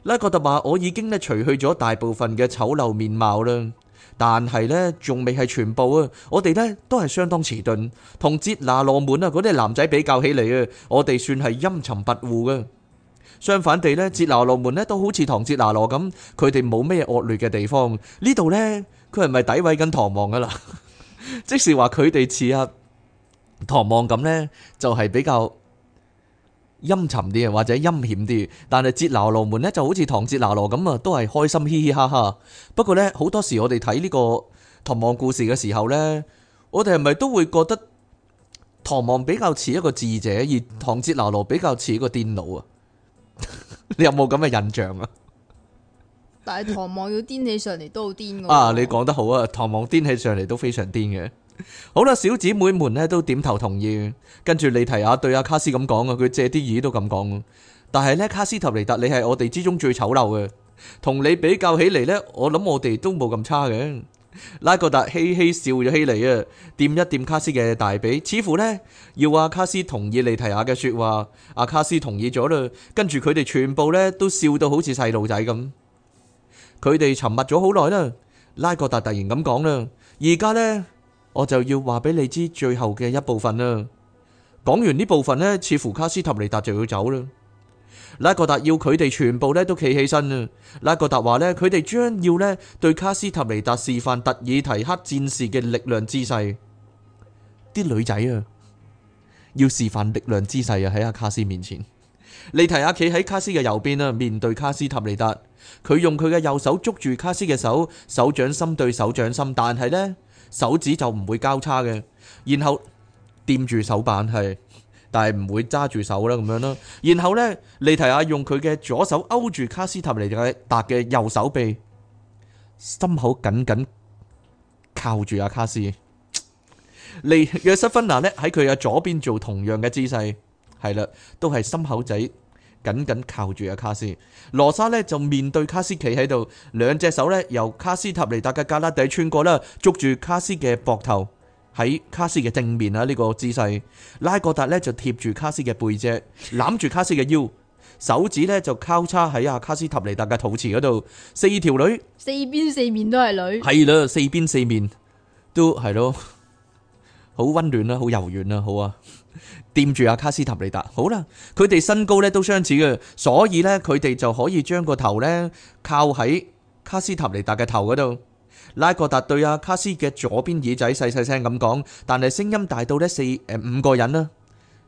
拉各達話：我已經呢除去咗大部分嘅醜陋面貌啦。但係呢，仲未係全部啊！我哋呢，都係相當遲鈍，同哲拿羅門啊嗰啲男仔比較起嚟啊，我哋算係陰沉跋扈噶。相反地呢，哲拿羅門呢，都好似唐哲拿羅咁，佢哋冇咩惡劣嘅地方。呢度呢，佢係咪詆毀緊唐望噶啦？即係話佢哋似啊唐望咁呢，就係、是、比較。陰沉啲或者陰險啲，但係截拿羅門呢就好似唐截拿羅咁啊，都係開心嘻嘻哈哈。不過呢，好多時我哋睇呢個唐望故事嘅時候呢，我哋係咪都會覺得唐望比較似一個智者，而唐截拿羅比較似一個癲佬 啊，啊？你有冇咁嘅印象啊？但係唐望要癲起上嚟都好癲嘅。啊，你講得好啊，唐望癲起上嚟都非常癲嘅。好啦，小姐妹們呢都點頭同意，跟住利提亞對阿卡斯咁講啊，佢借啲語都咁講，但係呢，卡斯特尼達，你係我哋之中最醜陋嘅，同你比較起嚟呢，我諗我哋都冇咁差嘅。拉格達嘻嘻笑咗起嚟啊，掂一掂卡斯嘅大髀，似乎呢，要阿卡斯同意利提亞嘅說話。阿卡斯同意咗嘞。跟住佢哋全部呢都笑到好似細路仔咁。佢哋沉默咗好耐啦，拉格達突然咁講啦，而家呢，我就要話俾你知最後嘅一部分啦。講完呢部分呢，似乎卡斯塔尼達就要走啦。拉格達要佢哋全部呢都企起身啦。拉格達話呢，佢哋將要呢對卡斯塔尼達示範特爾提克戰士嘅力量姿勢。啲女仔啊，要示範力量姿勢啊，喺阿卡斯面前。李提阿企喺卡斯嘅右邊啊。面對卡斯塔尼達，佢用佢嘅右手捉住卡斯嘅手，手掌心對手掌心，但係呢。手指就唔會交叉嘅，然後掂住手板係，但係唔會揸住手啦，咁樣啦。然後咧，利提亞用佢嘅左手勾住卡斯塔尼達嘅右手臂，心口緊緊靠住阿卡斯。利約瑟芬娜咧喺佢嘅左邊做同樣嘅姿勢，係啦，都係心口仔。緊緊靠住阿卡斯，羅莎呢就面對卡斯企喺度，兩隻手呢由卡斯塔尼達嘅胳肋底穿過啦，捉住卡斯嘅膊頭喺卡斯嘅正面啊。呢個姿勢，拉格達呢就貼住卡斯嘅背脊，攬住卡斯嘅腰，手指呢就交叉喺阿卡斯塔尼達嘅肚臍嗰度，四條女，四邊四面都係女，係咯，四邊四面都係咯，好溫暖啊，好柔軟啊，好啊。掂住阿卡斯塔尼達，好啦，佢哋身高咧都相似嘅，所以咧佢哋就可以將個頭咧靠喺卡斯塔尼達嘅頭嗰度。拉各達對阿卡斯嘅左邊耳仔細細聲咁講，但係聲音大到咧四誒五個人啦，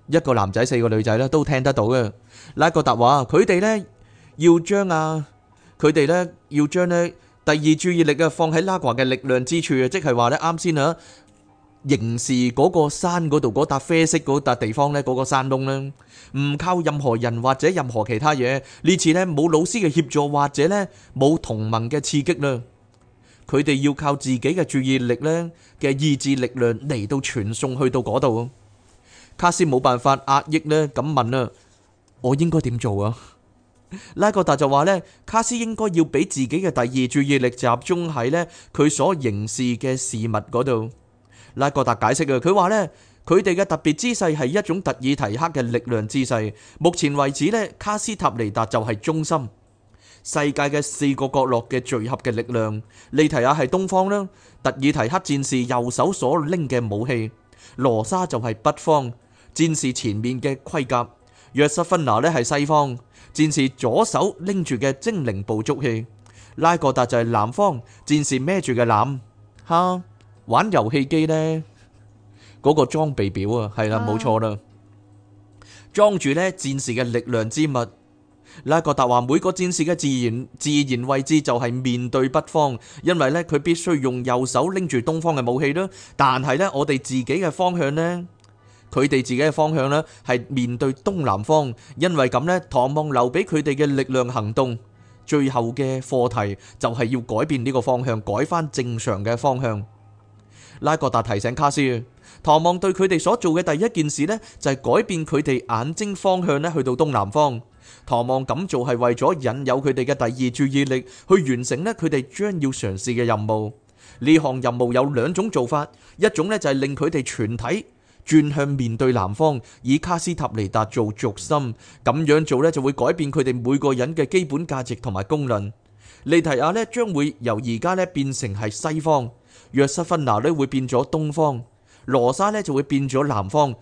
一個男仔四個女仔咧都聽得到嘅。拉各達話：佢哋咧要將阿佢哋咧要將咧第二注意力啊放喺拉瓜嘅力量之處啊，即係話咧啱先啊。凝視嗰個山嗰度嗰笪啡色嗰笪地方呢，嗰、嗰個山窿呢，唔靠任何人或者任何其他嘢。呢次呢，冇老師嘅協助或者呢，冇同盟嘅刺激啦，佢哋要靠自己嘅注意力呢，嘅意志力量嚟到傳送去到嗰度。卡斯冇辦法壓抑呢，咁問啦：我應該點做啊？ 拉格達就話呢，卡斯應該要俾自己嘅第二注意力集中喺呢，佢所凝視嘅事物嗰度。拉哥達解釋嘅，佢話咧佢哋嘅特別姿勢係一種特爾提克嘅力量姿勢。目前為止咧，卡斯塔尼達就係中心世界嘅四個角落嘅聚合嘅力量。利提亞係東方啦，特爾提克戰士右手所拎嘅武器。羅莎就係北方戰士前面嘅盔甲。約瑟芬娜咧係西方戰士左手拎住嘅精靈捕捉器。拉哥達就係南方戰士孭住嘅籃。哈。玩遊戲機咧，嗰個裝備表啊，係啦，冇錯啦，裝住咧戰士嘅力量之物。拉格達話，每個戰士嘅自然自然位置就係面對北方，因為咧佢必須用右手拎住東方嘅武器啦。但係咧，我哋自己嘅方向咧，佢哋自己嘅方向啦，係面對東南方，因為咁咧，唐望留俾佢哋嘅力量行動最後嘅課題就係要改變呢個方向，改返正常嘅方向。拉各達提醒卡斯，唐望對佢哋所做嘅第一件事呢，就係改變佢哋眼睛方向呢去到東南方。唐望咁做係為咗引誘佢哋嘅第二注意力去完成呢佢哋將要嘗試嘅任務。呢項任務有兩種做法，一種呢就係令佢哋全體轉向面對南方，以卡斯塔尼達做軸心。咁樣做呢，就會改變佢哋每個人嘅基本價值同埋功能。利提亞呢，將會由而家呢變成係西方。約瑟芬娜呢會變咗東方，羅莎呢就會變咗南方，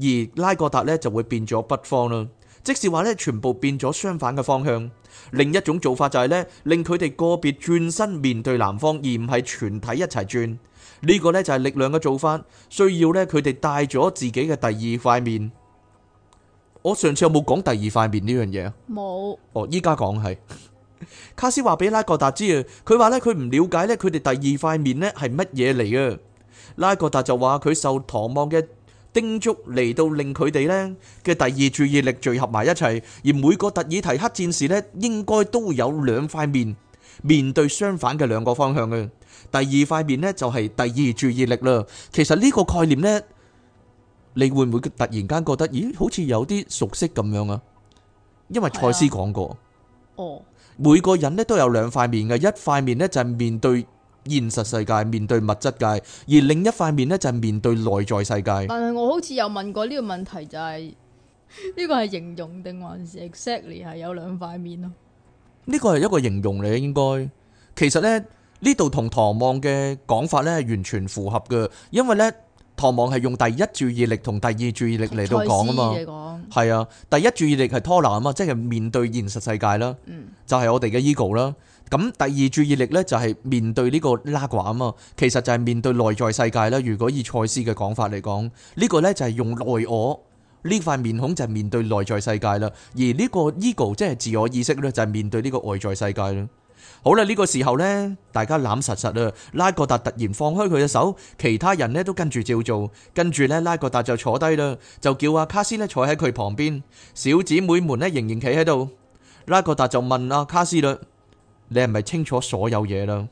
而拉格達呢就會變咗北方啦。即是話呢，全部變咗相反嘅方向。另一種做法就係呢，令佢哋個別轉身面對南方，而唔係全體一齊轉。呢、這個呢就係力量嘅做法，需要呢，佢哋帶咗自己嘅第二塊面。我上次有冇講第二塊面呢樣嘢？冇有。哦，依家講係。卡斯話俾拉各達知啊，佢話呢，佢唔了解呢，佢哋第二塊面呢係乜嘢嚟啊？拉各達就話佢受唐望嘅叮囑嚟到令佢哋呢嘅第二注意力聚合埋一齊，而每個特爾提克戰士呢應該都有兩塊面面對相反嘅兩個方向嘅第二塊面呢就係第二注意力啦。其實呢個概念呢，你會唔會突然間覺得咦好似有啲熟悉咁樣啊？因為賽斯講過哦。每個人呢都有兩塊面嘅，一塊面呢就係面對現實世界，面對物質界；而另一塊面呢就係面對內在世界。但係我好似有問過呢個問題，就係呢個係形容定還是 exactly 係有兩塊面咯？呢個係一個形容嚟嘅，應該其實呢呢度同唐望嘅講法呢係完全符合嘅，因為呢。唐望係用第一注意力同第二注意力嚟到講啊嘛，係啊，第一注意力係拖拿啊嘛，即係面對現實世界啦，嗯、就係我哋嘅 ego 啦。咁第二注意力呢，就係面對呢個拉寡啊嘛，其實就係面對內在世界啦。如果以賽斯嘅講法嚟講，呢、呢個呢就係用內我呢塊面孔就係面對內在世界啦，而呢個 ego 即係自我意識呢，就係、是、面對呢個外在世界啦。好啦，呢、這個時候呢，大家攬實實啦。拉各達突然放開佢嘅手，其他人呢都跟住照做。跟住呢，拉各達就坐低啦，就叫阿卡斯呢坐喺佢旁邊。小姐妹們呢，仍然企喺度。拉各達就問阿卡斯啦：你係咪清楚所有嘢啦？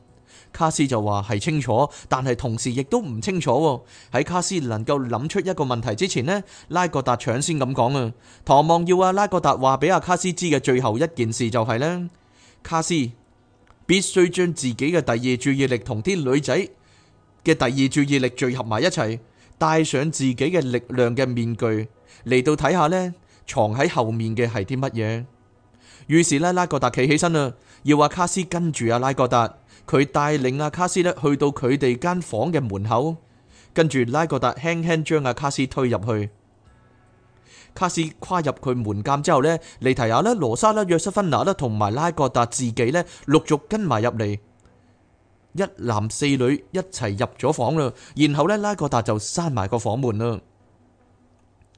卡斯就話係清楚，但係同時亦都唔清楚喎。喺卡斯能夠諗出一個問題之前呢，拉各達搶先咁講啊。唐望要阿拉各達話俾阿卡斯知嘅最後一件事就係、是、呢，卡斯。必須將自己嘅第二注意力同啲女仔嘅第二注意力聚合埋一齊，戴上自己嘅力量嘅面具。嚟到睇下呢，藏喺後面嘅係啲乜嘢？於是咧，拉格達企起身啦，要阿卡斯跟住阿拉格達，佢帶領阿卡斯咧去到佢哋間房嘅門口，跟住拉格達輕輕將阿卡斯推入去。卡斯跨入佢門檻之後咧，尼提亞咧、羅莎咧、約瑟芬娜咧，同埋拉各達自己咧，陸續跟埋入嚟，一男四女一齊入咗房啦。然後咧，拉各達就閂埋個房門啦。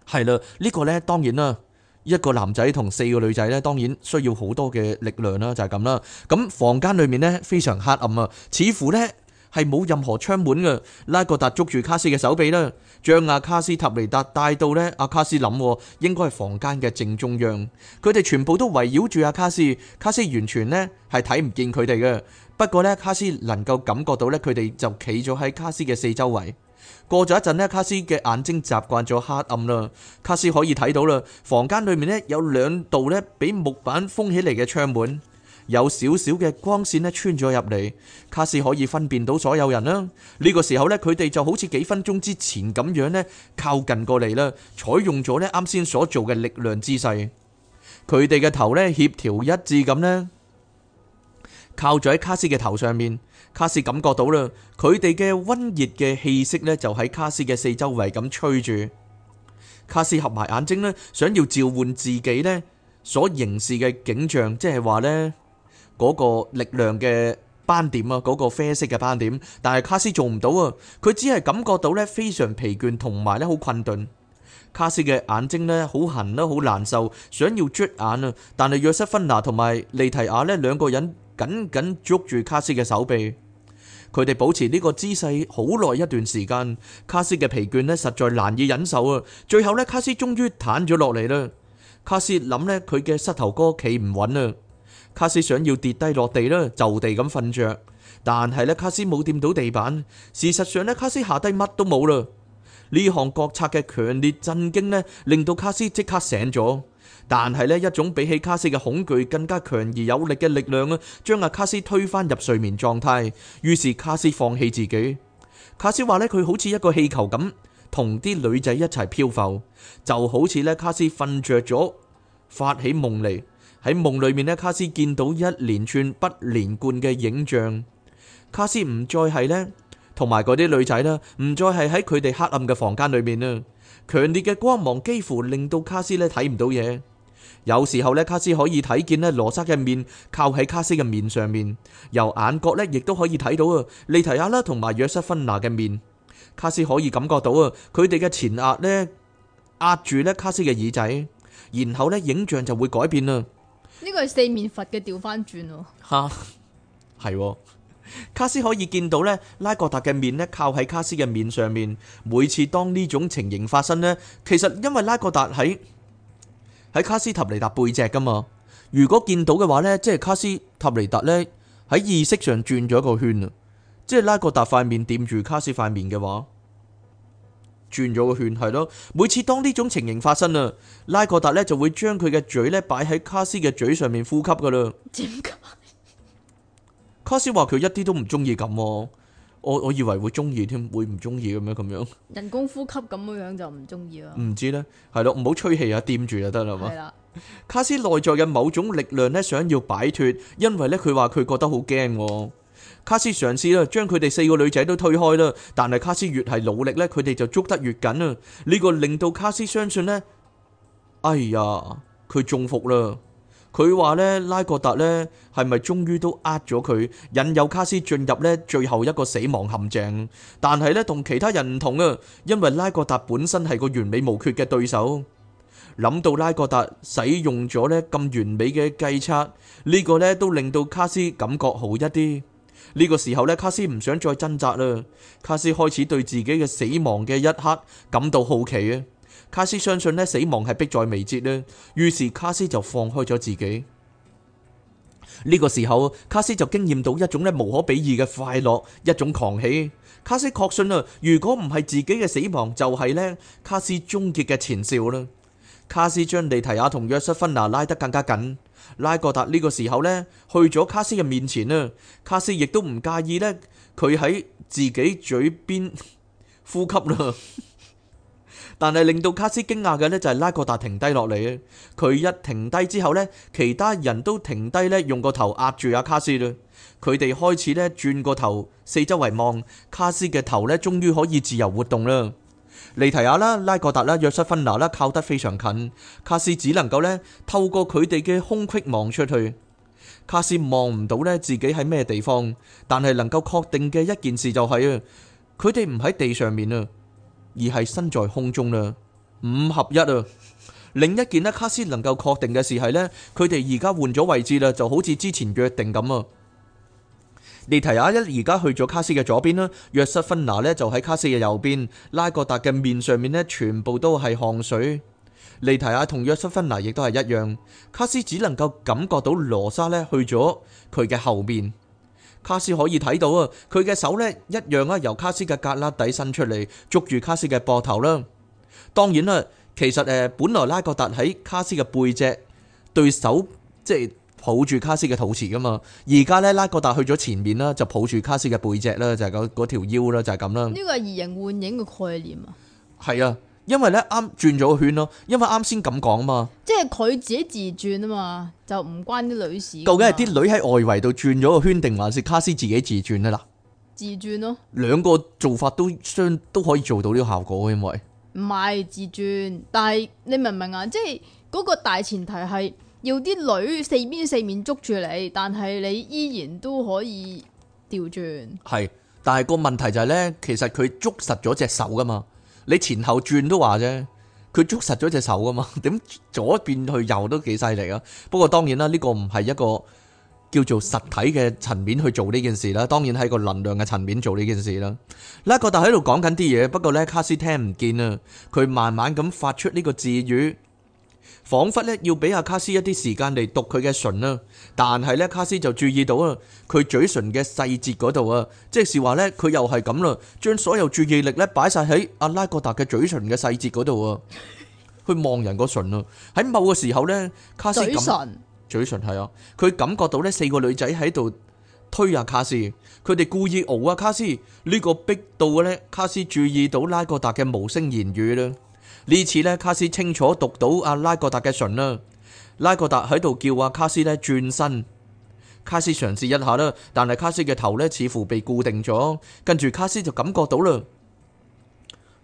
係啦，呢個咧當然啦，一個男仔同四個女仔咧，當然需要好多嘅力量啦，就係咁啦。咁房間裏面咧非常黑暗啊，似乎咧。係冇任何窗門嘅，拉各達捉住卡斯嘅手臂啦，將阿卡斯塔尼達帶到呢，阿卡斯諗，應該係房間嘅正中央，佢哋全部都圍繞住阿卡斯，卡斯完全呢係睇唔見佢哋嘅，不過呢，卡斯能夠感覺到呢，佢哋就企咗喺卡斯嘅四周圍。過咗一陣呢，卡斯嘅眼睛習慣咗黑暗啦，卡斯可以睇到啦，房間裏面呢有兩道呢，俾木板封起嚟嘅窗門。有少少嘅光線咧穿咗入嚟，卡斯可以分辨到所有人啦。呢個時候咧，佢哋就好似幾分鐘之前咁樣咧，靠近過嚟啦，採用咗咧啱先所做嘅力量姿勢。佢哋嘅頭咧協調一致咁咧，靠咗喺卡斯嘅頭上面。卡斯感覺到啦，佢哋嘅温熱嘅氣息咧就喺卡斯嘅四周圍咁吹住。卡斯合埋眼睛咧，想要召喚自己咧所凝視嘅景象，即係話咧。嗰個力量嘅斑點啊，嗰、那個啡色嘅斑點，但係卡斯做唔到啊！佢只係感覺到呢非常疲倦，同埋呢好困頓。卡斯嘅眼睛呢好痕啦，好難受，想要捽眼啊！但係約瑟芬娜同埋利提亞呢兩個人緊緊捉住卡斯嘅手臂，佢哋保持呢個姿勢好耐一段時間。卡斯嘅疲倦呢實在難以忍受啊！最後呢，卡斯終於癱咗落嚟啦。卡斯諗呢，佢嘅膝頭哥企唔穩啊！卡斯想要跌低落地啦，就地咁瞓着，但係咧，卡斯冇掂到地板。事實上咧，卡斯下低乜都冇啦。呢項覺察嘅強烈震驚呢，令到卡斯即刻醒咗。但係呢，一種比起卡斯嘅恐懼更加強而有力嘅力量啊，將阿卡斯推返入睡眠狀態。於是卡斯放棄自己。卡斯話呢，佢好似一個氣球咁，同啲女仔一齊漂浮，就好似咧卡斯瞓着咗，發起夢嚟。喺夢裏面呢，卡斯見到一連串不連貫嘅影像。卡斯唔再係呢，同埋嗰啲女仔啦，唔再係喺佢哋黑暗嘅房間裏面啦。強烈嘅光芒幾乎令到卡斯呢睇唔到嘢。有時候呢，卡斯可以睇見呢羅莎，嘅面靠喺卡斯嘅面上面，由眼角呢亦都可以睇到啊。利提亞啦同埋約瑟芬娜嘅面，卡斯可以感覺到啊，佢哋嘅前額呢壓住呢卡斯嘅耳仔，然後呢影像就會改變啦。呢個係四面佛嘅調翻轉喎，吓係 卡斯可以見到呢拉格達嘅面呢靠喺卡斯嘅面上面。每次當呢種情形發生呢，其實因為拉格達喺喺卡斯塔尼達背脊噶嘛。如果見到嘅話呢，即係卡斯塔尼達呢喺意識上轉咗一個圈啊，即係拉格達塊面掂住卡斯塊面嘅話。轉咗個圈，係咯。每次當呢種情形發生啊，拉克達咧就會將佢嘅嘴咧擺喺卡斯嘅嘴上面呼吸噶啦。點解？卡斯話佢一啲都唔中意咁，我我以為會中意添，會唔中意嘅咩咁樣？人工呼吸咁樣樣就唔中意咯。唔知咧，係咯，唔好吹氣啊，掂住就得啦嘛。係啦，卡斯內在嘅某種力量咧，想要擺脫，因為咧佢話佢覺得好驚喎。卡斯嘗試，將佢哋四個女仔都推開，但係呢個時候呢，卡斯唔想再掙扎啦。卡斯開始對自己嘅死亡嘅一刻感到好奇啊。卡斯相信咧，死亡係迫在眉睫呢，於是卡斯就放開咗自己。呢個時候，卡斯就經驗到一種咧無可比擬嘅快樂，一種狂喜。卡斯確信啦，如果唔係自己嘅死亡，就係呢，卡斯終結嘅前兆啦。卡斯將利提亞同約瑟芬娜拉得更加緊。拉哥達呢個時候呢，去咗卡斯嘅面前啊。卡斯亦都唔介意呢，佢喺自己嘴邊 呼吸啦了。 但係令到卡斯驚訝嘅呢，就係拉哥達停低落嚟啊。佢一停低之後呢，其他人都停低呢，用個頭壓住阿卡斯啦。佢哋開始呢轉個頭，四周圍望。卡斯嘅頭呢，終於可以自由活動啦。尼提亞啦，拉各達啦，約瑟芬娜啦，靠得非常近。卡斯只能夠咧透過佢哋嘅空隙望出去。卡斯望唔到咧自己喺咩地方，但係能夠確定嘅一件事就係啊，佢哋唔喺地上面啊，而係身在空中啦。五合一啊，另一件咧，卡斯能夠確定嘅事係咧，佢哋而家換咗位置啦，就好似之前約定咁啊。利提亞一而家，去咗卡斯嘅左邊啦，約瑟芬拿呢就喺卡斯嘅右邊，拉各達嘅面上面呢全部都係汗水。利提亞同約瑟芬拿亦都係一樣，卡斯只能夠感覺到羅莎呢去咗佢嘅後面。卡斯可以睇到啊，佢嘅手呢一樣啊，由卡斯嘅格拉底伸出嚟捉住卡斯嘅膊頭啦。當然啦，其實誒本來拉各達喺卡斯嘅背脊，對手即係。抱住卡斯嘅肚臍噶嘛，而家咧拉哥達去咗前面啦，就抱住卡斯嘅背脊啦，就係嗰嗰條腰啦，就係咁啦。呢個係移形換影嘅概念啊？係啊，因為咧啱轉咗個圈咯，因為啱先咁講啊嘛，即係佢自己自轉啊嘛，就唔關啲女士。究竟係啲女喺外圍度轉咗個圈，定還是卡斯自己自轉啊？嗱，自轉咯，兩個做法都相都可以做到呢個效果啊。因為唔係自轉，但係你明唔明啊？即係嗰個大前提係。要啲女四邊四面捉住你，但係你依然都可以調轉。係，但係個問題就係、是、呢，其實佢捉實咗隻手噶嘛，你前後轉都話啫，佢捉實咗隻手噶嘛，點左變去右都幾犀利啊！不過當然啦，呢、這個唔係一個叫做實體嘅層面去做呢件事啦，當然係個能量嘅層面做呢件事啦。拉覺達喺度講緊啲嘢，不過咧卡斯聽唔見啊，佢慢慢咁發出呢個字語。彷彿咧要俾阿卡斯一啲時間嚟讀佢嘅唇啦，但係咧卡斯就注意到啊，佢嘴唇嘅細節嗰度啊，即係話咧佢又係咁啦，將所有注意力咧擺晒喺阿拉格達嘅嘴唇嘅細節嗰度啊，去望人個唇啊。喺某個時候咧，卡斯咁嘴唇，嘴唇係啊，佢感覺到呢四個女仔喺度推啊卡斯，佢哋故意熬啊卡斯，呢、呢個逼到嘅咧卡斯注意到拉格達嘅無聲言語啦。呢次咧，卡斯清楚讀到阿拉各達嘅唇啦，拉各達喺度叫阿卡斯咧轉身。卡斯嘗試一下啦，但係卡斯嘅頭咧似乎被固定咗，跟住卡斯就感覺到啦，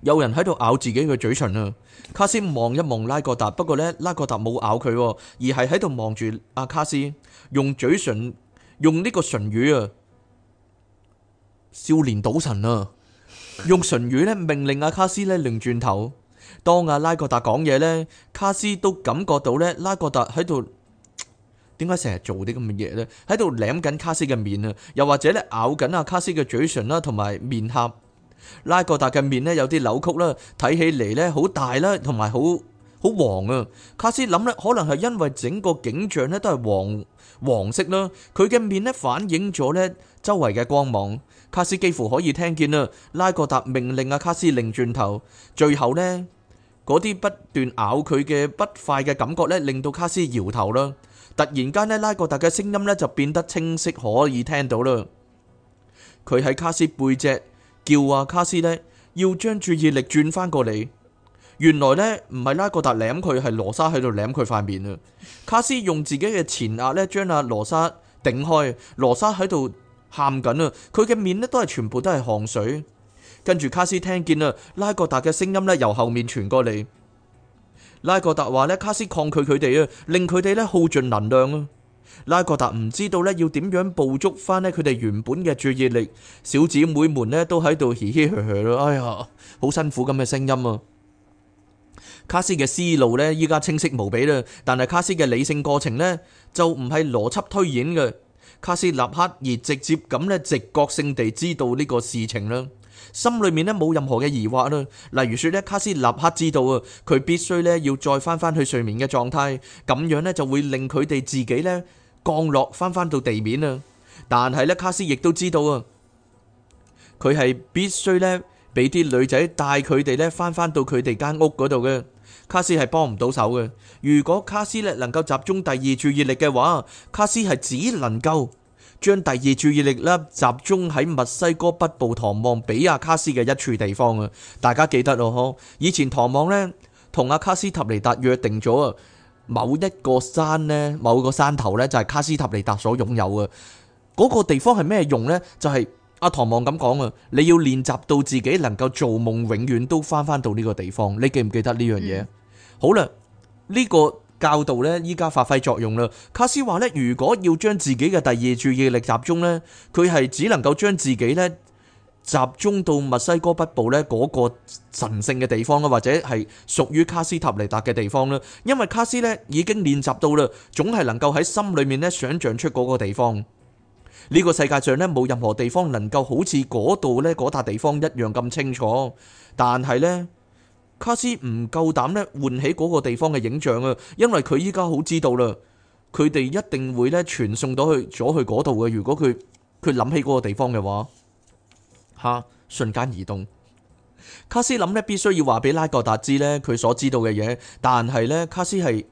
有人喺度咬自己嘅嘴唇啊！卡斯望一望拉各達，不過咧拉各達冇咬佢，而係喺度望住阿卡斯，用嘴唇用呢個唇語啊，少年賭神啊，用唇語咧命令阿卡斯咧擰轉頭。當阿拉格達講嘢呢，卡斯都感覺到呢，拉格達喺度，嗰啲不斷咬佢嘅不快嘅感覺呢，令到卡斯搖頭啦。突然間呢，拉國達嘅聲音呢就變得清晰，可以聽到啦。佢喺卡斯背脊叫啊，卡斯呢要將注意力轉翻過嚟。原來呢唔係拉國達舐佢，係羅莎喺度舐佢塊面啊。卡斯用自己嘅前額呢，將阿羅莎頂開，羅莎喺度喊緊啊。佢嘅面呢都係全部都係汗水。跟住卡斯聽見啦，拉各達嘅聲音呢由後面傳過嚟。拉各達話呢，卡斯抗拒佢哋啊，令佢哋呢耗盡能量啊。拉各達唔知道呢，要點樣捕捉翻呢，佢哋原本嘅注意力。小姐妹們呢都喺度嘻嘻呵呵咯，哎呀，好辛苦咁嘅聲音啊。卡斯嘅思路呢，依家清晰無比啦。但係卡斯嘅理性過程呢，就唔係邏輯推演嘅。卡斯立刻而直接咁呢，直覺性地知道呢個事情啦。心裏面咧冇任何嘅疑惑啦，例如說咧，卡斯立刻知道啊，佢必須咧要再翻返去睡眠嘅狀態，咁樣呢就會令佢哋自己咧降落翻返到地面啊。但係咧，卡斯亦都知道啊，佢係必須咧俾啲女仔帶佢哋咧翻返到佢哋間屋嗰度嘅。卡斯係幫唔到手嘅。如果卡斯咧能夠集中第二注意力嘅話，卡斯係只能夠。將第二注意力啦集中喺墨西哥北部唐望比亞卡斯嘅一處地方啊！大家記得咯，以前唐望呢同阿卡斯塔尼達約定咗啊，某一個山呢，某個山頭呢，就係卡斯塔尼達所擁有嘅嗰個地方係咩用呢？就係阿唐望咁講啊，你要練習到自己能夠做夢永遠都翻翻到呢個地方，你記唔記得呢樣嘢？好啦，呢個。教導咧，依家發揮作用啦。卡斯話咧，如果要將自己嘅第二注意力集中咧，佢係只能夠將自己咧集中到墨西哥北部咧嗰個神聖嘅地方啦，或者係屬於卡斯塔尼達嘅地方啦。因為卡斯咧已經練習到啦，總係能夠喺心裏面咧想象出嗰個地方。呢個世界上咧冇任何地方能夠好似嗰度咧嗰笪地方一樣咁清楚，但係咧。卡斯唔夠膽咧，喚起嗰個地方嘅影像啊！因為佢依家好知道啦，佢哋一定會咧傳送到去咗去嗰度嘅。如果佢佢諗起嗰個地方嘅話，吓瞬間移動。卡斯諗呢，必須要話俾拉各達知呢，佢所知道嘅嘢。但係呢，卡斯係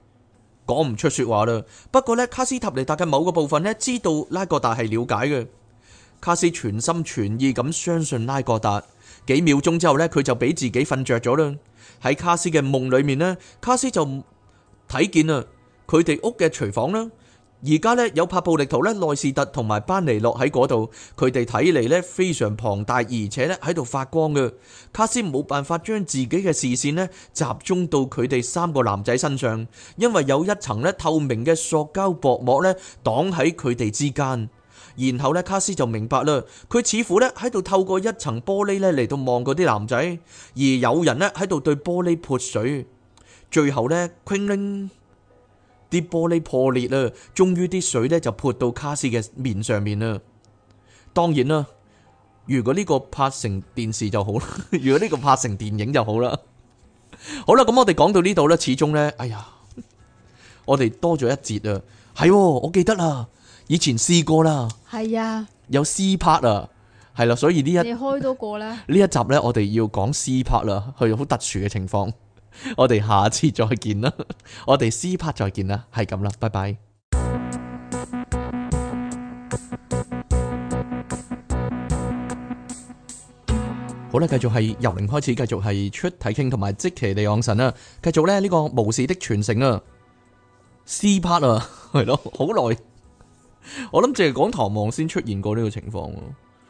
講唔出說話啦。不過呢，卡斯塔尼達嘅某個部分呢，知道拉各達係了解嘅。卡斯全心全意咁相信拉各達。幾秒鐘之後呢，佢就俾自己瞓着咗啦。喺卡斯嘅夢裏面呢，卡斯就睇見啦，佢哋屋嘅廚房啦，而家呢，有帕布力圖呢，內士特同埋班尼洛喺嗰度，佢哋睇嚟呢，非常龐大，而且呢，喺度發光嘅。卡斯冇辦法將自己嘅視線呢，集中到佢哋三個男仔身上，因為有一層咧透明嘅塑膠薄膜呢擋喺佢哋之間。然後咧，卡斯就明白啦。佢似乎呢喺度透過一層玻璃呢嚟，到望嗰啲男仔，而有人呢喺度對玻璃潑水。最後咧，叮，啲玻璃破裂啦，終於啲水呢就潑到卡斯嘅面上面啦。當然啦，如果呢個拍成電視就好啦，如果呢個拍成電影就好啦。好啦，咁我哋講到呢度呢，始終呢，哎呀，我哋多咗一節啊。係喎，我記得啦。以前試過啦，係啊的，有 C part 啊，係啦，所以呢一你開多個啦，呢一集咧，我哋要講 C part 啦，係好特殊嘅情況，我哋下次再見啦，我哋 C part 再見啦，係咁啦，拜拜。 好啦，繼續係由零開始，繼續係出體傾，同埋 J.K. 地昂神啦，繼續咧呢個巫士的傳承啊，C part 啊，係咯，好耐。我諗淨係講唐望先出現過呢個情況，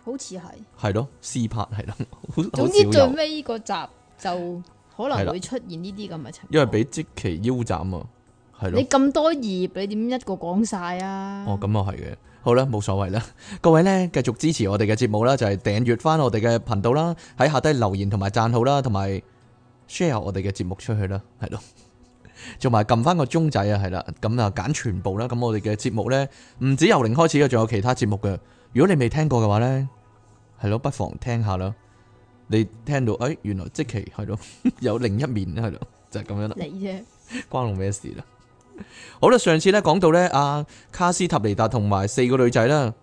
好似係係咯，私拍係啦。Part, 對 有總之最尾個集就可能會出現呢啲咁嘅情況。因為俾即奇腰斬啊，係咯。你咁多頁，你點一個講晒啊？哦，咁又係嘅。好啦，冇所謂啦。各位咧，繼續支持我哋嘅節目啦，就係訂閱翻我哋嘅頻道啦，喺下低留言同埋讚好啦，同埋 share 我哋嘅節目出去啦，係咯。做埋撳翻個鐘仔啊，係啦，咁啊揀全部啦。咁我哋嘅節目呢，唔止由零開始嘅，仲有其他節目嘅。如果你未聽過嘅話呢，係咯，不妨聽下啦。你聽到，哎，原來即其係咯， 有另一面係咯，就係咁樣啦。你關我咩事啦？好啦，上次呢講到呢，阿卡斯塔尼達同埋四個女仔啦，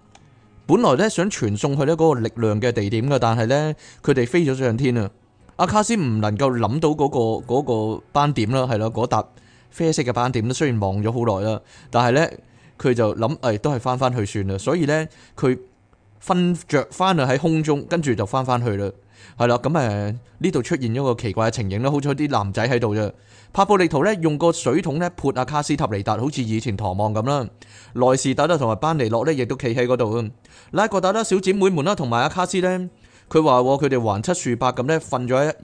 本來呢想傳送去呢嗰個力量嘅地點嘅，但係呢，佢哋飛咗上天啊。阿卡斯唔能夠諗到嗰、嗰個嗰個斑點啦，係啦，嗰笪啡色嘅斑點啦。雖然望咗好耐啦，但係咧佢就諗誒、哎，都係翻翻去算啦。所以咧佢瞓着翻啊喺空中，跟住就翻翻去啦。係啦，咁誒呢度出現咗個奇怪嘅情形啦。好彩啲男仔喺度啫。帕布利圖咧用個水桶咧潑阿卡斯塔尼達，好似以前唐望咁啦。萊士達達同埋班尼諾咧亦都企喺嗰度。拉國達達小姐妹們啦，同埋阿卡斯咧。佢話佢哋橫七豎八咁咧瞓咗喺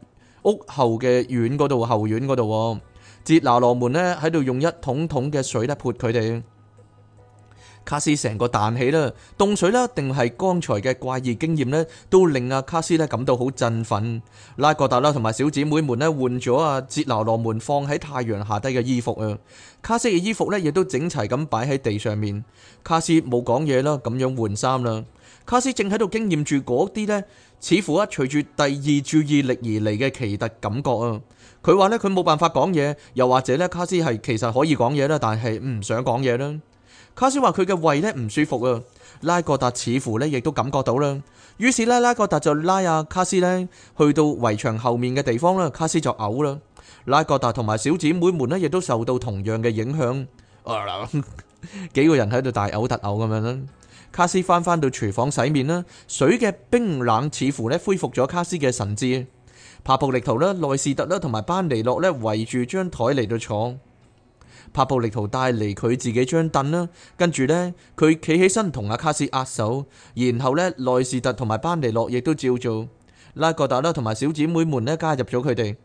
屋後嘅院嗰度，後院嗰度。傑拿羅門呢喺度用一桶桶嘅水咧潑佢哋。卡斯成個彈起啦，凍水啦，定係剛才嘅怪異經驗呢都令阿卡斯呢感到好振奮。拉格達啦同埋小姐妹們呢換咗阿傑拿羅門放喺太陽下低嘅衣服啊，卡斯嘅衣服呢亦都整齊咁擺喺地上面。卡斯冇講嘢啦，咁樣換衫啦。卡斯正喺度經驗住嗰啲呢。似乎啊，隨住第二注意力而嚟嘅奇特感覺啊，佢話呢，佢冇辦法講嘢，又或者呢，卡斯係其實可以講嘢啦，但係唔想講嘢啦。卡斯話佢嘅胃呢唔舒服啊，拉格達似乎呢亦都感覺到啦，於是呢，拉格達就拉阿卡斯呢去到圍牆後面嘅地方啦，卡斯就嘔啦。拉格達同埋小姐妹們呢亦都受到同樣嘅影響，嗱，幾個人喺度大嘔特嘔咁樣啦。卡斯返返到廚房洗面啦，水嘅冰冷似乎咧恢復咗卡斯嘅神智。帕布力圖啦、內士特啦同埋班尼諾咧圍住張台嚟到坐。帕布力圖帶嚟佢自己張凳啦，跟住呢，佢企起身同阿卡斯握手，然後呢，內士特同埋班尼諾亦都照做。拉格達啦同埋小姐妹們呢，加入咗佢哋。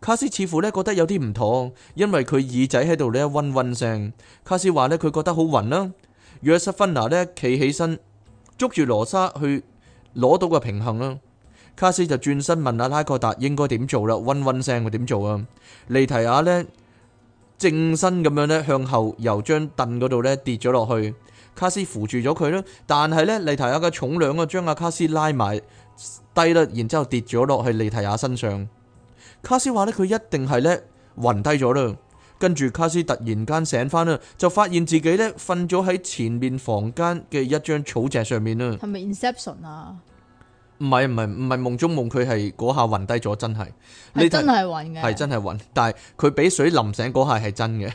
卡斯似乎呢，覺得有啲唔妥，因為佢耳仔喺度呢，嗡嗡聲。卡斯話呢，佢覺得好暈啦。約瑟芬娜咧，企起身捉住羅莎去攞到個平衡啦。卡斯就轉身問阿拉格達應該點做啦，嗡嗡聲會點做啊？利提亞咧正身咁樣咧向後由張凳嗰度咧跌咗落去，卡斯扶住咗佢啦，但係咧利提亞嘅重量啊，將阿卡斯拉埋低啦，然之後跌咗落去利提亞身上。卡斯話咧佢一定係咧暈低咗啦。跟住卡斯突然間醒翻啦，就發現自己呢瞓咗喺前面房間嘅一張草席上面啦。係咪 Inception 啊？唔係唔係唔係夢中夢，佢係嗰下暈低咗，真係係真係暈嘅，係真係暈。但係佢俾水淋醒嗰下係真嘅。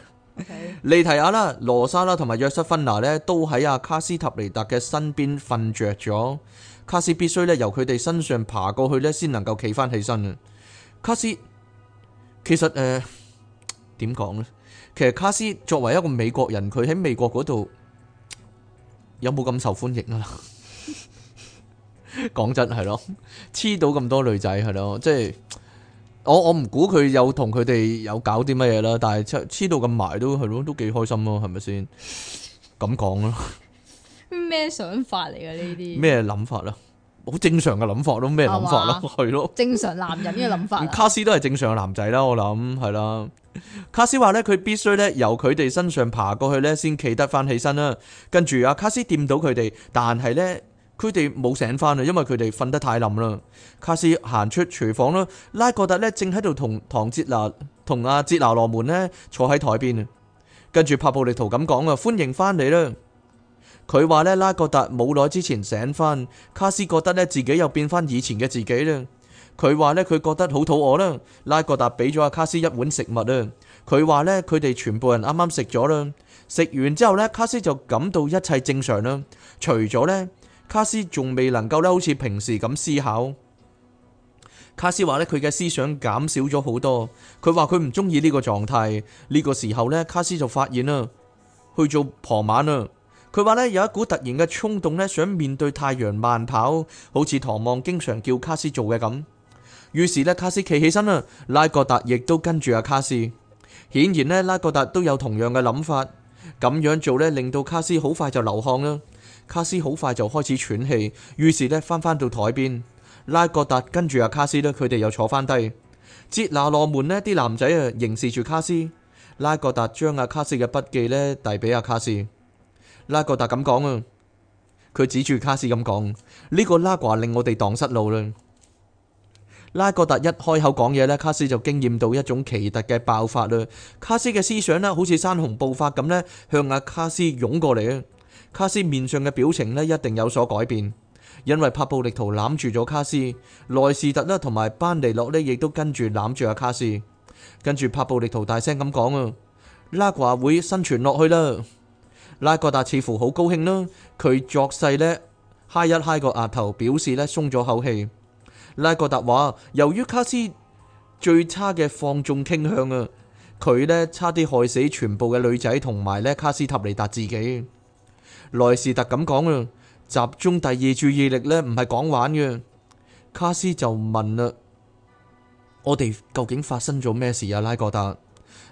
利 Okay. 提亞啦，羅莎啦同埋約瑟芬娜呢，都喺阿卡斯塔尼達嘅身邊瞓着咗。卡斯必須呢由佢哋身上爬過去呢，先能夠企翻起身。卡斯其實誒。呃點講咧？其實卡斯作為一個美國人，佢喺美國嗰度有冇咁受歡迎啊？講真係咯，黐到咁多女仔係咯，即係我我唔估佢有同佢哋有搞啲乜嘢啦。但係黐黐到咁埋都係咯，都幾開心咯，係咪先？咁講咯，咩想法嚟噶呢啲？咩諗法啦？好正常嘅諗法咯，咩諗法啦？係咯，正常男人嘅諗法。卡斯都係正常嘅男仔啦，我諗係啦。卡斯話呢，佢必須呢，由佢哋身上爬過去呢，先企得翻起身啦。跟住阿卡斯掂到佢哋，但係呢，佢哋冇醒返啊，因為佢哋瞓得太冧啦。卡斯行出廚房啦，拉各達呢正喺度同唐哲拿同阿哲拿羅門呢坐喺台邊，跟住拍布利圖咁講啊，歡迎翻嚟啦。佢話呢，拉各達冇耐之前醒返，卡斯覺得呢，自己又變翻以前嘅自己啦。佢話呢，佢覺得好肚餓啦。拉各達俾咗阿卡斯一碗食物啊。佢話呢，佢哋全部人啱啱食咗啦。食完之後呢，卡斯就感到一切正常啦。除咗呢，卡斯仲未能夠咧，好似平時咁思考。卡斯話呢，佢嘅思想減少咗好多。佢話佢唔中意呢個狀態。呢個時候呢，卡斯就發現啦，去做傍晚啦。佢話呢，有一股突然嘅衝動呢，想面對太陽慢跑，好似唐望經常叫卡斯做嘅咁。於是呢，卡斯企起身啦，拉各達亦都跟住阿卡斯。顯然呢，拉各達都有同樣嘅諗法。咁樣做呢，令到卡斯好快就流汗啦。卡斯好快就開始喘氣。於是呢，翻返到台邊，拉各達跟住阿卡斯呢，佢哋又坐翻低。捷拿羅門呢啲男仔啊，凝視住卡斯。拉各達將阿卡斯嘅筆記呢，遞俾阿卡斯。拉各達咁講啊，佢指住卡斯咁講：呢、這個拉寡令我哋蕩失路啦。拉哥達一開口講嘢咧，卡斯就經驗到一種奇特嘅爆發啦！卡斯嘅思想呢，好似山洪暴發咁呢，向阿卡斯湧過嚟，卡斯面上嘅表情呢，一定有所改變，因為帕布力圖攬住咗卡斯，內士特咧同埋班尼諾呢，亦都跟住攬住阿卡斯，跟住帕布力圖大聲咁講啊！拉哥達會生存落去啦！拉哥達似乎好高興啦，佢作勢呢，嗨一嗨個額頭，表示呢鬆咗口氣。拉格達話：由於卡斯最差嘅放縱傾向啊，佢咧差啲害死全部嘅女仔同埋咧卡斯塔尼達自己。萊士特咁講啊，集中第二注意力咧，唔係講玩嘅。卡斯就問啦：我哋究竟發生咗咩事啊？拉格達，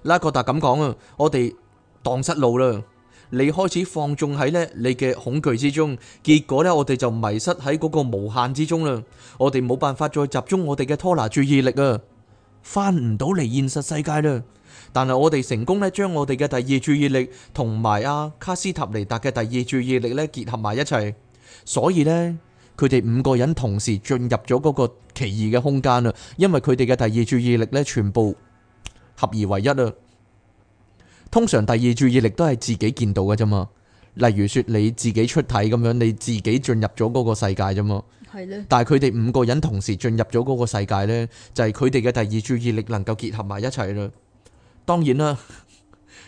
拉格達咁講啊，我哋蕩失路啦。你開始放縱喺呢你嘅恐懼之中，結果呢，我哋就迷失喺嗰個無限之中啦。我哋冇辦法再集中我哋嘅拖拿注意力啊，翻唔到嚟現實世界啦。但係我哋成功呢將我哋嘅第二注意力同埋阿卡斯塔尼達嘅第二注意力呢結合埋一齊，所以呢，佢哋五個人同時進入咗嗰個奇異嘅空間啦。因為佢哋嘅第二注意力呢全部合而為一啦。通常第二注意力都係自己見到嘅啫嘛，例如說你自己出體咁樣，你自己進入咗嗰個世界啫嘛。的但係佢哋五個人同時進入咗嗰個世界呢，就係佢哋嘅第二注意力能夠結合埋一齊啦。當然啦，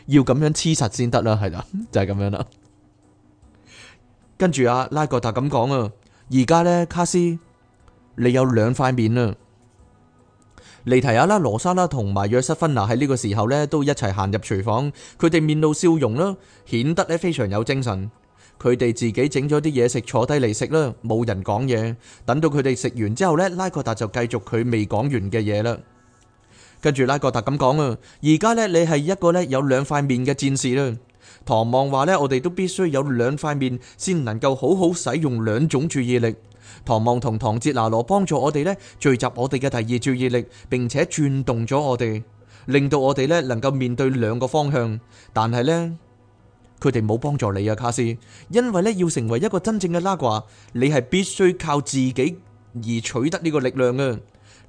要咁樣黐實先得啦，係啦，就係、是、咁樣啦。 跟住阿拉格特咁講啊，而家呢，卡斯，你有兩塊面啦。嚟提下啦，羅莎啦同埋約瑟芬娜喺呢個時候咧都一齊行入廚房，佢哋面露笑容啦，顯得咧非常有精神。佢哋自己整咗啲嘢食，坐低嚟食啦，冇人講嘢。等到佢哋食完之後呢，拉各達就繼續佢未講完嘅嘢啦。跟住拉各達咁講啊，而家呢，你係一個咧有兩塊面嘅戰士啦。唐望話呢，我哋都必須有兩塊面先能夠好好使用兩種注意力。唐望同唐哲拿羅幫助我哋呢，聚集我哋嘅第二注意力，並且轉動咗我哋，令到我哋呢能夠面對兩個方向。但係呢，佢哋冇幫助你啊，卡斯，因為呢，要成為一個真正嘅拉掛，你係必須靠自己而取得呢個力量嘅。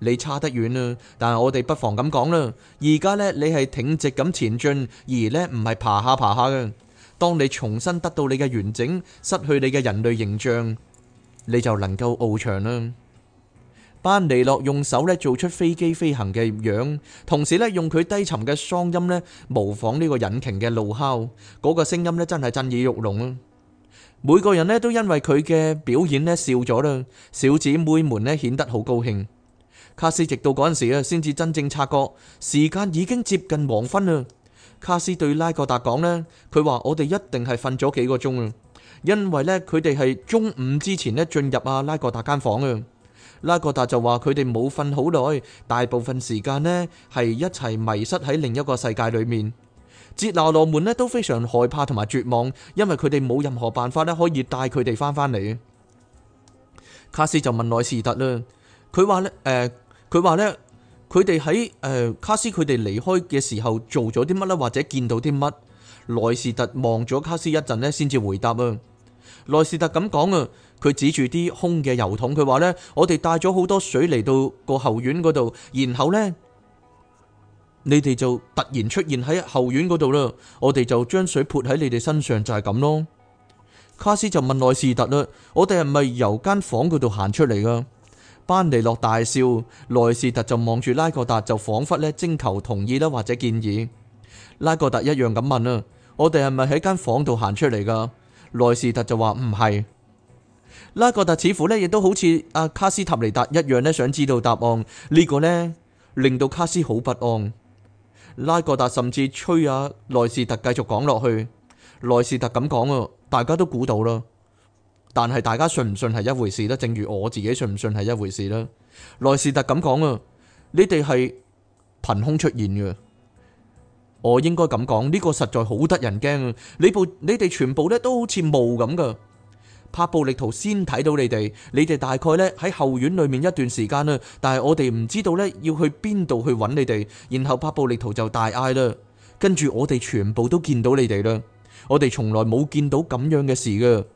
你差得遠啦，但係我哋不妨咁講啦。而家呢，你係挺直咁前進，而呢唔係爬下爬下嘅。當你重新得到你嘅完整，失去你嘅人類形象，你就能夠翱翔啦！班尼諾用手咧做出飛機飛行嘅樣，同時咧用佢低沉嘅嗓音咧模仿呢個引擎嘅怒吼，嗰個聲音咧真係震耳欲聾啦！每個人咧都因為佢嘅表演咧笑咗啦，小姐妹們咧顯得好高興。卡斯直到嗰陣時啊，先至真正察覺時間已經接近黃昏啦。卡斯對拉格達講咧，佢話我哋一定係瞓咗幾個鐘啊！因為呢，佢哋係中午之前咧進入阿拉各達間房啊，拉各達就話佢哋冇瞓好耐，大部分時間呢係一齊迷失喺另一個世界裏面。哲拿羅門咧都非常害怕同埋絕望，因為佢哋冇任何辦法咧可以帶佢哋返返嚟。卡斯就問內士特啦，佢話呢，誒、呃，佢話呢，佢哋喺誒卡斯佢哋離開嘅時候做咗啲乜呢？或者見到啲乜？內士特望咗卡斯一陣咧，先至回答啊。內士特咁講啊，佢指住啲空嘅油桶，佢話呢，我哋帶咗好多水嚟到個後院嗰度，然後呢，你哋就突然出現喺後院嗰度啦。我哋就將水潑喺你哋身上，就係咁咯。卡斯就問內士特啦：我哋係咪由間房嗰度行出嚟噶？班尼諾大笑，內士特就望住拉各達，就仿佛呢，徵求同意啦或者建議。拉各達一樣咁問啊：我哋係咪喺間房度行出嚟噶？萊士特就話唔係，拉各達似乎呢，亦都好似阿卡斯塔尼達一樣呢，想知道答案。呢、這個呢，令到卡斯好不安。拉各達甚至催阿萊士特繼續講落去。萊士特咁講啊，大家都估到啦，但係大家信唔信係一回事啦，正如我自己信唔信係一回事啦。萊士特咁講啊，你哋係憑空出現嘅。我應該咁講，呢個實在好得人驚。你部你哋全部咧都好似霧咁噶，柏布力圖先睇到你哋。你哋大概咧喺後院裏面一段時間啦，但係我哋唔知道咧要去邊度去揾你哋。然後柏布力圖就大嗌啦，跟住我哋全部都見到你哋啦。我哋從來冇見到咁樣嘅事噶。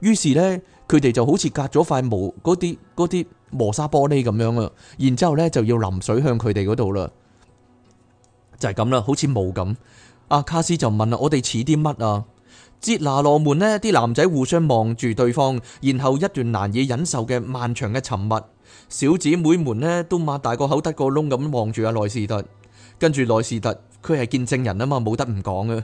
於是咧，佢哋就好似隔咗塊霧嗰啲嗰啲磨砂玻璃咁樣啊。然之後咧就要淋水向佢哋嗰度啦。就係咁啦，好似冇咁。阿卡斯就問啦：我哋似啲乜啊？傑拿羅門呢啲男仔互相望住對方，然後一段難以忍受嘅漫長嘅沉默。小姐妹們呢都擘大個口得個窿咁望住阿內斯特，跟住內斯特佢係見證人啊嘛，冇得唔講啊。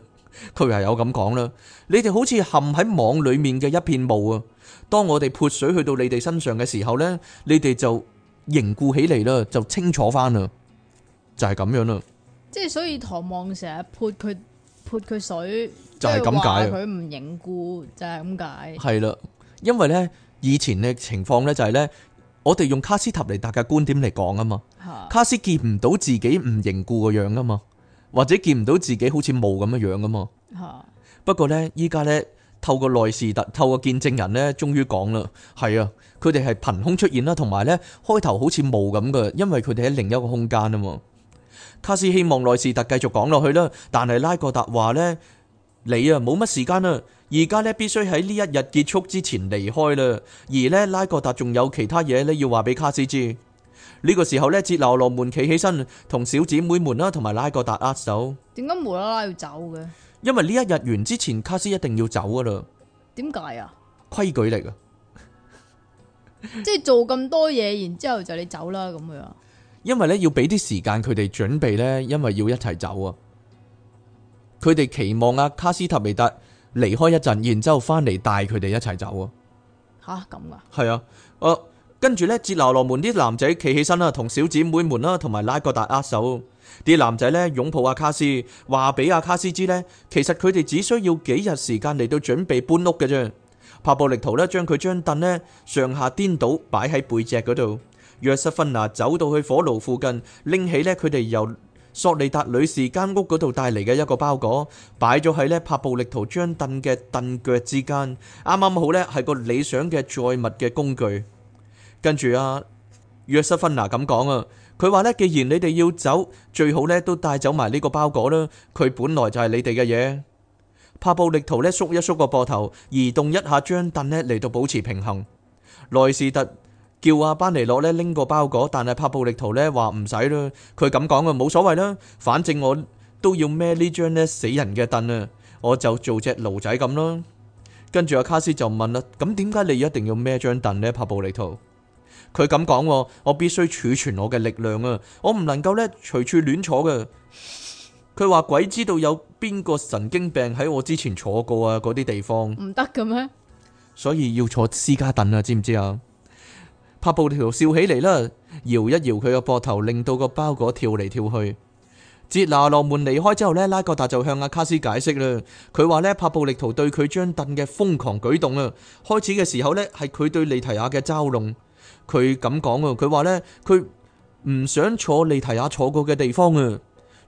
佢係有咁講啦。你哋好似陷喺網裏面嘅一片霧啊！當我哋潑水去到你哋身上嘅時候呢，你哋就凝固起嚟啦，就清楚翻啦，就係咁樣啦。即係所以，唐望成日潑佢潑佢水，就係咁解。佢唔凝固，就係咁解。係啦，因為呢以前嘅情況呢，就係呢我哋用卡斯塔尼達嘅觀點嚟講啊嘛，的卡斯見唔到自己唔凝固嘅樣啊嘛，或者見唔到自己好似霧咁嘅樣啊嘛。吓的，不過咧，依家咧透過內士特透過見證人咧，終於講啦，係啊，佢哋係憑空出現啦，同埋咧開頭好似霧咁嘅，因為佢哋喺另一個空間啊嘛。卡斯希望內斯特繼續講落去啦，但係拉各達話呢：「你啊冇乜時間啦，而家呢，必須喺呢一日結束之前離開啦，而呢，拉各達仲有其他嘢呢要話俾卡斯知。呢、呢個時候呢，哲流羅門企起身，同小姐妹們啦，同埋拉各達握手。點解無啦啦要走嘅？因為呢一日完之前，卡斯一定要走噶啦。點解啊？規矩嚟噶， 即係做咁多嘢，然之後就你走啦咁樣。因為咧要俾啲時間佢哋準備呢，因為要一齊走啊。佢哋期望阿卡斯特維特離開一陣，然之後翻嚟帶佢哋一齊走啊。吓咁啊？係啊，誒，跟住呢，截流羅門啲男仔企起身啦，同小姐妹們啦，同埋拉哥達握手。啲男仔呢，擁抱阿卡斯，話俾阿卡斯知呢，其實佢哋只需要幾日時間嚟到準備搬屋嘅啫。帕布力圖呢，將佢張凳呢上下顛倒擺喺背脊嗰度。約瑟芬娜走到去火爐附近，拎起呢佢哋由索利達女士間屋嗰度帶嚟嘅一個包裹，擺咗喺呢帕布力圖張凳嘅凳腳之間，啱啱好呢係個理想嘅載物嘅工具。跟住啊，約瑟芬娜咁講啊，佢話呢，既然你哋要走，最好呢都帶走埋呢個包裹啦。佢本來就係你哋嘅嘢。帕布力圖呢縮一縮個膊頭，移動一下張凳呢嚟到保持平衡。萊士特。叫阿班尼諾咧拎個包裹，但係拍暴力圖呢話唔使啦，佢咁講嘅，冇所謂啦，反正我都要孭呢張咧死人嘅凳啊，我就做隻奴仔咁咯。跟住阿卡斯就問啦，咁點解你一定要孭張凳呢？拍暴力圖？佢咁講，我必須儲存我嘅力量啊，我唔能夠咧隨處亂坐嘅。佢話鬼知道有邊個神經病喺我之前坐過啊，嗰啲地方唔得嘅咩？所以要坐私家凳啊，知唔知啊？帕布利圖笑起嚟啦，搖一搖佢個膊頭，令到個包裹跳嚟跳去。捷拿羅門離開之後呢，拉各達就向阿卡斯解釋啦。佢話呢，帕布利圖對佢張凳嘅瘋狂舉動啊，開始嘅時候呢，係佢對利提亞嘅嘲弄。佢咁講啊，佢話呢，佢唔想坐利提亞坐過嘅地方啊，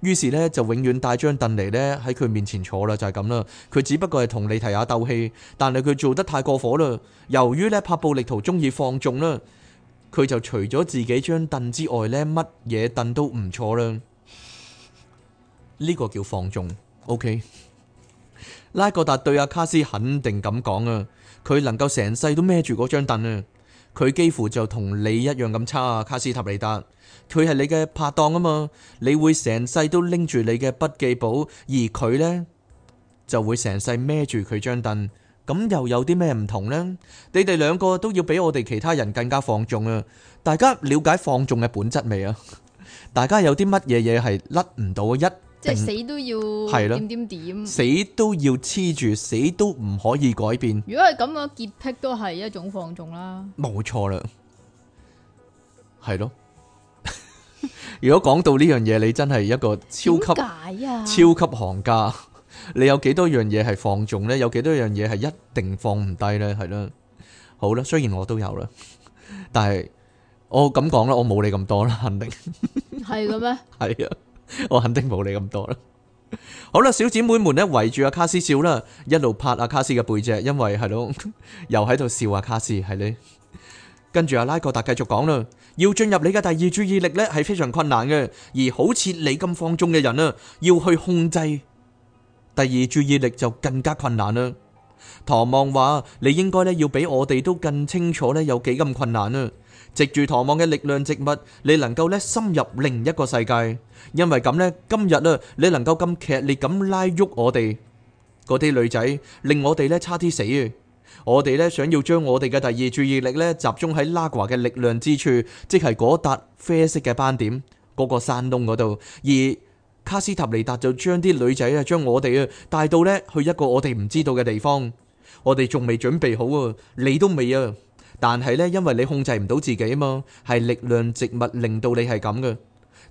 於是呢，就永遠帶張凳嚟呢，喺佢面前坐啦，就係咁啦。佢只不過係同利提亞鬥氣，但係佢做得太過火啦。由於呢，帕布利圖中意放縱啦。佢就除咗自己張凳之外呢，乜嘢凳都唔坐啦。呢個叫放縱。OK，拉各達對阿卡斯肯定咁講啊，佢能夠成世都孭住嗰張凳啊。佢幾乎就同你一樣咁差啊。卡斯塔尼達，佢係你嘅拍檔啊嘛。你會成世都拎住你嘅筆記簿，而佢呢，就會成世孭住佢張凳。咁又有啲咩唔同呢？你哋兩個都要比我哋其他人更加放縱啊！大家了解放縱嘅本質未啊？大家有啲乜嘢嘢係甩唔到一？即係死都要點點點，死都要黐住，死都唔可以改變。如果係咁樣潔癖都係一種放縱啦，冇錯啦，係咯。如果講到呢樣嘢，你真係一個超級解啊，超級行家。你有幾多樣嘢係放縱咧？有幾多樣嘢係一定放唔低咧？係啦，好啦，雖然我都有啦，但係我咁講啦，我冇你咁多啦，肯定係嘅咩？係啊，我肯定冇你咁多啦。好啦，小姐妹們咧圍住阿卡斯笑啦，一路拍阿卡斯嘅背脊，因為係咯，又喺度笑阿卡斯係咧。跟住阿拉各達繼續講啦，要進入你嘅第二注意力咧係非常困難嘅，而好似你咁放縱嘅人啊，要去控制。第二注意力就更加困難啦。唐望話：你應該咧要比我哋都更清楚咧有幾咁困難啦。藉住唐望嘅力量植物，你能夠咧深入另一個世界，因為咁呢，今日啊，你能夠咁劇烈咁拉喐我哋嗰啲女仔，令我哋咧差啲死。我哋咧想要將我哋嘅第二注意力咧集中喺拉華嘅力量之處，即係嗰笪啡色嘅斑點嗰、嗰個山洞嗰度，而卡斯塔尼達就將啲女仔啊，將我哋啊帶到呢去一個我哋唔知道嘅地方，我哋仲未準備好啊，你都未啊。但係呢，因為你控制唔到自己吖嘛，係力量植物令到你係咁嘅。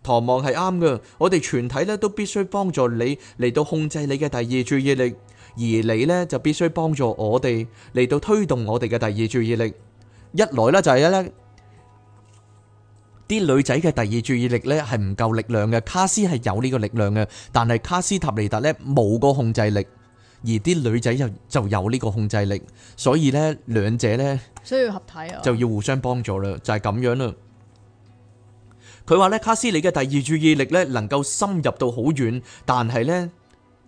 唐望係啱嘅，我哋全體呢都必須幫助你嚟到控制你嘅第二注意力，而你呢，就必須幫助我哋嚟到推動我哋嘅第二注意力。一來呢，就係咧。啲女仔嘅第二注意力呢係唔夠力量嘅，卡斯係有呢個力量嘅，但係卡斯塔尼達呢冇個控制力，而啲女仔就就有呢個控制力，所以呢兩者呢需要合體啊，就要互相幫助啦，就係咁樣啦。佢話呢，卡斯里嘅第二注意力呢能夠深入到好遠，但係呢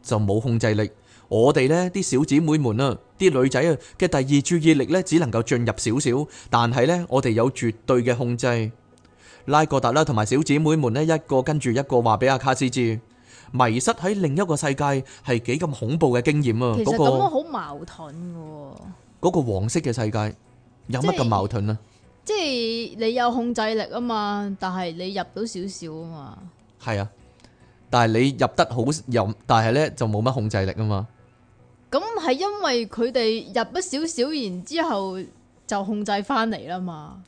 就冇控制力。我哋呢啲小姐妹們啊，啲女仔啊嘅第二注意力呢只能夠進入少少，但係呢我哋有絕對嘅控制。拉哥達啦，同埋小姊妹們呢，一個跟住一個話俾阿卡斯知，迷失喺另一個世界係幾咁恐怖嘅經驗啊！其實咁樣好矛盾嘅。嗰個黃色嘅世界有乜咁矛盾啊？即係你有控制力啊嘛，但係你入到少少啊嘛。係啊，但係你入得好入，但係呢就冇乜控制力啊嘛。咁係因為佢哋入咗少少，然之後就控制翻嚟啦嘛。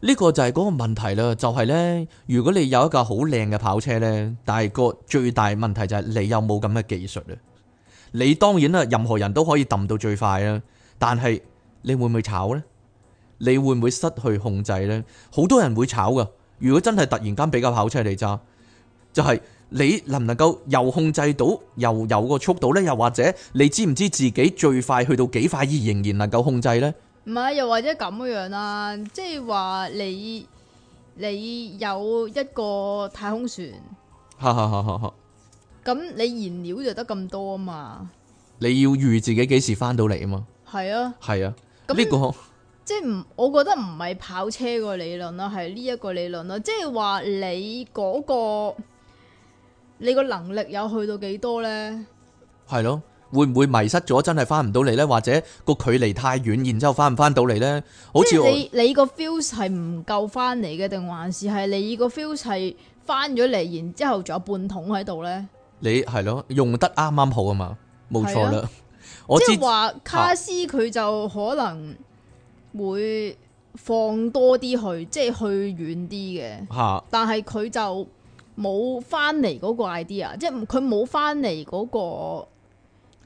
呢個就係嗰個問題啦，就係呢，如果你有一架好靚嘅跑車呢，但係個最大問題就係你有冇咁嘅技術啊？你當然啦，任何人都可以揼到最快啦，但係你會唔會炒呢？你會唔會失去控制呢？好多人會炒噶，如果真係突然間俾架跑車你揸，就係你能唔能夠又控制到，又有個速度呢？又或者你知唔知自己最快去到幾快而仍然能夠控制呢？唔係，又或者咁樣啦，即係話你你有一個太空船，哈哈哈哈哈，咁你燃料就得咁多啊嘛，你要預自己幾時翻到嚟啊嘛，係啊，係啊，呢個即係唔，我覺得唔係跑車個理論啦，係呢一個理論啦，即係話你嗰個你個能力有去到幾多咧，係咯。會唔會迷失咗，真係翻唔到嚟呢？或者個距離太遠，然之後翻唔翻到嚟呢？好似你你個 feel 係唔夠翻嚟嘅，定還是係你個 feel 係翻咗嚟，然之後仲有半桶喺度呢？你係咯，用得啱啱好啊嘛，冇錯啦。即係話卡斯佢就可能會放多啲去，啊、即係去遠啲嘅。吓、啊，但係佢就冇翻嚟嗰個 idea，即係佢冇翻嚟嗰個。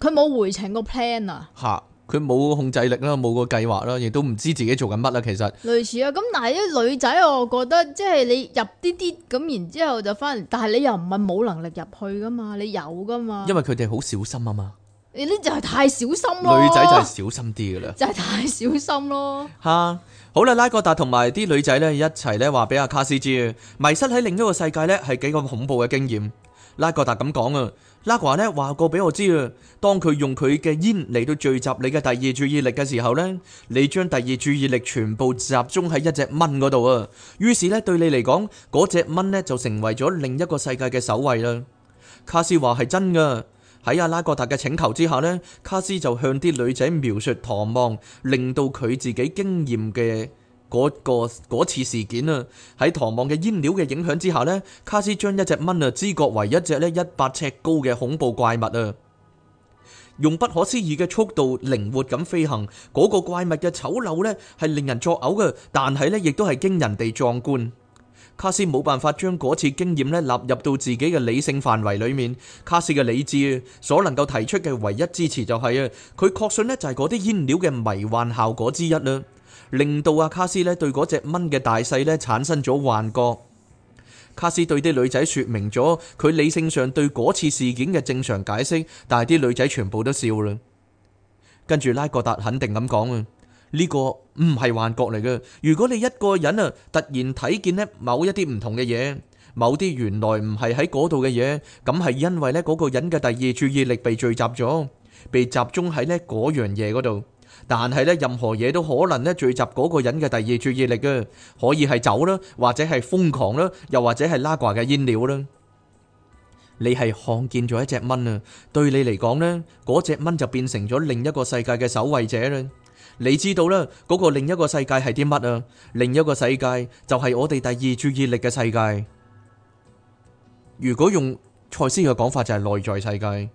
佢冇回程個 plan 啊！吓，佢冇控制力啦，冇個計劃啦，亦都唔知自己做緊乜啦。其實類似啊，咁但係啲女仔，我覺得即係你入啲啲咁，然之後就翻嚟，但係你又唔係冇能力入去噶嘛，你有噶嘛。因為佢哋好小心啊嘛。呢、欸、你就係太小心咯。女仔就係小心啲噶啦。就係太小心咯。吓，好啦，拉格達同埋啲女仔咧，一齊咧，話俾阿卡斯知啊，迷失喺另一個世界咧，係幾個恐怖嘅經驗。拉格達咁講啊。拉華呢話過俾我知啊。當佢用佢嘅煙嚟到聚集你嘅第二注意力嘅時候呢，你將第二注意力全部集中喺一隻蚊嗰度啊，於是呢，對你嚟講，嗰隻蚊呢就成為咗另一個世界嘅守衛啦。卡斯話係真噶，喺阿拉哥達嘅請求之下呢，卡斯就向啲女仔描述唐望令到佢自己經驗嘅。嗰、嗰個次事件啊，喺唐望嘅煙料嘅影響之下呢，卡斯將一隻蚊啊，知覺為一隻呢一百尺高嘅恐怖怪物啊，用不可思議嘅速度靈活咁飛行。嗰、嗰個怪物嘅醜陋呢係令人作嘔嘅，但係呢亦都係驚人哋壯觀。卡斯冇辦法將嗰次經驗呢納入到自己嘅理性範圍裏面。卡斯嘅理智啊，所能夠提出嘅唯一支持就係、是、啊，佢確信呢就係嗰啲煙料嘅迷幻效果之一啦。令到阿卡斯咧對嗰隻蚊嘅大細咧產生咗幻覺。卡斯對啲女仔說明咗佢理性上對嗰次事件嘅正常解釋，但係啲女仔全部都笑啦。跟住拉各達肯定咁講啊，呢個唔係幻覺嚟嘅。如果你一個人啊突然睇見咧某一啲唔同嘅嘢，某啲原來唔係喺嗰度嘅嘢，咁係因為咧嗰個人嘅第二注意力被聚集咗，被集中喺咧嗰樣嘢嗰度。但係咧，任何嘢都可能咧聚集嗰個人嘅第二注意力嘅，可以係酒啦，或者係瘋狂啦，又或者係拉瓜嘅煙料啦。你係看見咗一隻蚊啊，對你嚟講咧，嗰隻蚊就變成咗另一個世界嘅守衛者咧。你知道咧，嗰個另一個世界係啲乜啊？另一個世界就係我哋第二注意力嘅世界。如果用賽斯嘅講法，就係內在世界。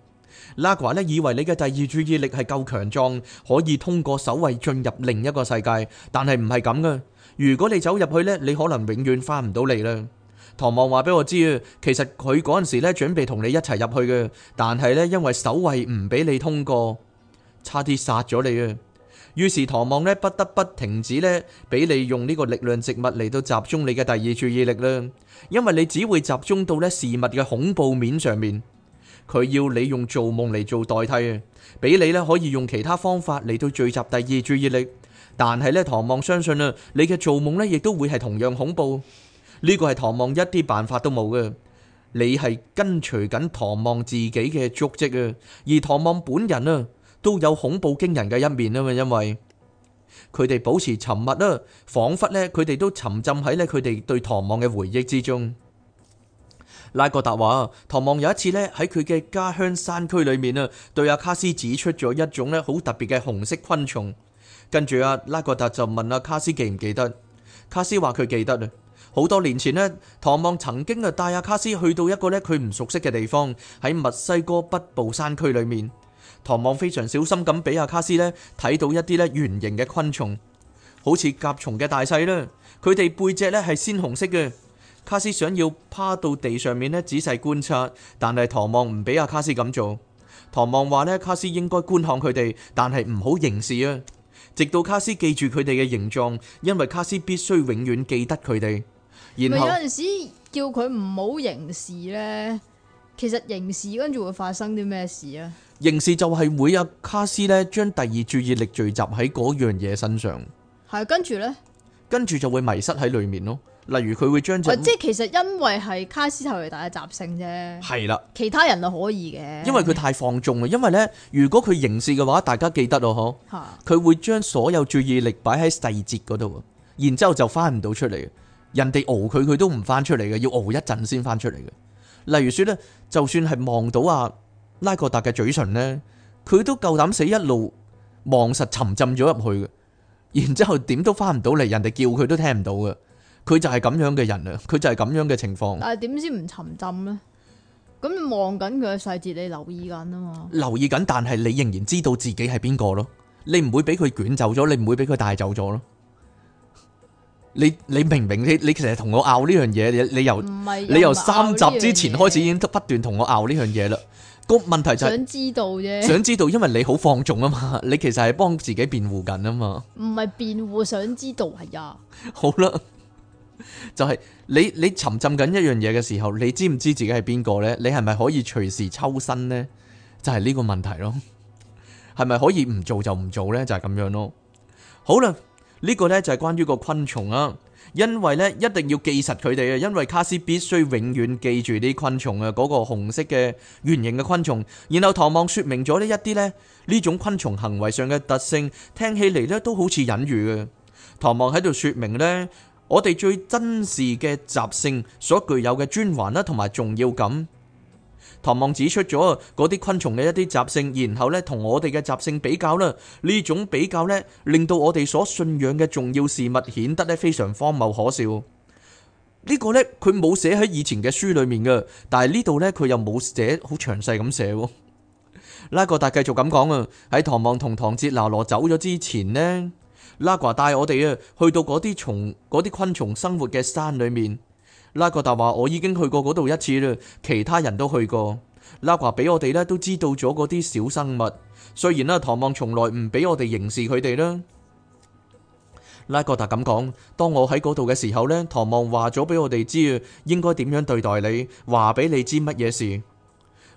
拉瓜咧以為你嘅第二注意力係夠強壯，可以通過守衛進入另一個世界，但係唔係咁嘅。如果你走入去呢，你可能永遠翻唔到嚟啦。唐望話俾我知啊，其實佢嗰陣時咧準備同你一齊入去嘅，但係呢，因為守衛唔俾你通過，差啲殺咗你啊。於是唐望呢不得不停止呢，俾你用呢個力量植物嚟到集中你嘅第二注意力啦，因為你只會集中到呢事物嘅恐怖面上面。佢要你用做夢嚟做代替啊，俾你咧可以用其他方法嚟到聚集第二注意力，但係呢，唐望相信啊，你嘅做夢呢亦都會係同樣恐怖。呢個係唐望一啲辦法都冇嘅，你係跟隨緊唐望自己嘅足跡啊，而唐望本人啊都有恐怖驚人嘅一面啊嘛，因為佢哋保持沉默啊，仿佛呢，佢哋都沉浸喺呢佢哋對唐望嘅回憶之中。拉哥達話，唐望有一次咧喺佢嘅家鄉山區裏面啊，對阿卡斯指出咗一種咧好特別嘅紅色昆蟲。跟住阿拉哥達就問阿卡斯記唔記得？卡斯話佢記得啊。好多年前咧，唐望曾經啊帶阿卡斯去到一個咧佢唔熟悉嘅地方，喺墨西哥北部山區裏面。唐望非常小心咁俾阿卡斯咧睇到一啲咧圓形嘅昆蟲，好似甲蟲嘅大細啦。佢哋背脊咧係鮮紅色嘅。卡斯想要趴到地上面咧仔細觀察，但係唐望唔俾阿卡斯咁做。唐望話咧，卡斯應該觀看佢哋，但係唔好凝視啊。直到卡斯記住佢哋嘅形狀，因為卡斯必須永遠記得佢哋。然後有陣時叫佢唔好凝視咧，其實凝視跟住會發生啲咩事啊？凝視就係每日卡斯咧將第二注意力聚集喺嗰樣嘢身上，係，跟住咧？跟住就會迷失喺裏面咯。例如佢會將就，即係其實因為係卡斯特雷達嘅集性啫，係啦的，其他人啊可以嘅，因為佢太放縱啦。因為呢，如果佢凝視嘅話，大家記得哦，嗬的，佢會將所有注意力擺喺細節嗰度，然之後就翻唔到出嚟。人哋熬佢，佢都唔翻出嚟嘅，要熬一陣先翻出嚟嘅。例如說呢，就算係望到阿拉格達嘅嘴唇呢，佢都夠膽死一路望實沉浸咗入去嘅，然之後點都翻唔到嚟，人哋叫佢都聽唔到嘅。佢就係咁樣嘅人啦，佢就係咁樣嘅情況。但係點知唔沉浸呢？咁望緊佢嘅細節，你留意緊啊嘛？留意緊，但係你仍然知道自己係邊個咯？你唔會俾佢捲走咗，你唔會俾佢帶走咗咯？你你明唔明你？你你其實同我拗呢樣嘢，你由你由你由三集之前開始已經不斷同我拗呢樣嘢啦。個問題就係想知道啫，想知道，因為你好放縱啊嘛，你其實係幫自己辯護緊啊嘛。唔係辯護，想知道係呀。好啦。就係你你沉浸緊一樣嘢嘅時候，你知唔知自己係邊個呢？你係咪可以隨時抽身呢？就係呢個問題咯。係咪可以唔做就唔做呢？就係咁樣咯。好啦，呢個呢就係關於個昆蟲啊。因為呢一定要記實佢哋啊，因為卡斯必須永遠記住啲昆蟲啊，嗰個紅色嘅圓形嘅昆蟲。然後唐望說明咗呢一啲呢，呢種昆蟲行為上嘅特性，聽起嚟呢都好似隱喻嘅。唐望喺度說明呢，我哋最真實嘅習性所具有嘅尊環啊，同埋重要感，唐望指出咗嗰啲昆蟲嘅一啲習性，然後咧同我哋嘅習性比較啦。呢種比較咧，令到我哋所信仰嘅重要事物顯得咧非常荒謬可笑。這個、呢個咧佢冇寫喺以前嘅書裏面噶，但係呢度咧佢又冇寫好詳細咁寫。拉個達繼續咁講啊！喺唐望同唐哲拿羅走咗之前呢？拉呱帶我哋啊去到嗰啲蟲、嗰啲昆蟲生活嘅山裏面。拉哥達話：我已經去過嗰度一次啦，其他人都去過。拉呱俾我哋咧都知道咗嗰啲小生物，雖然啦，唐望從來唔俾我哋凝視佢哋啦。拉哥達咁講：當我喺嗰度嘅時候呢，唐望話咗俾我哋知啊，應該點樣對待你，話俾你知乜嘢事。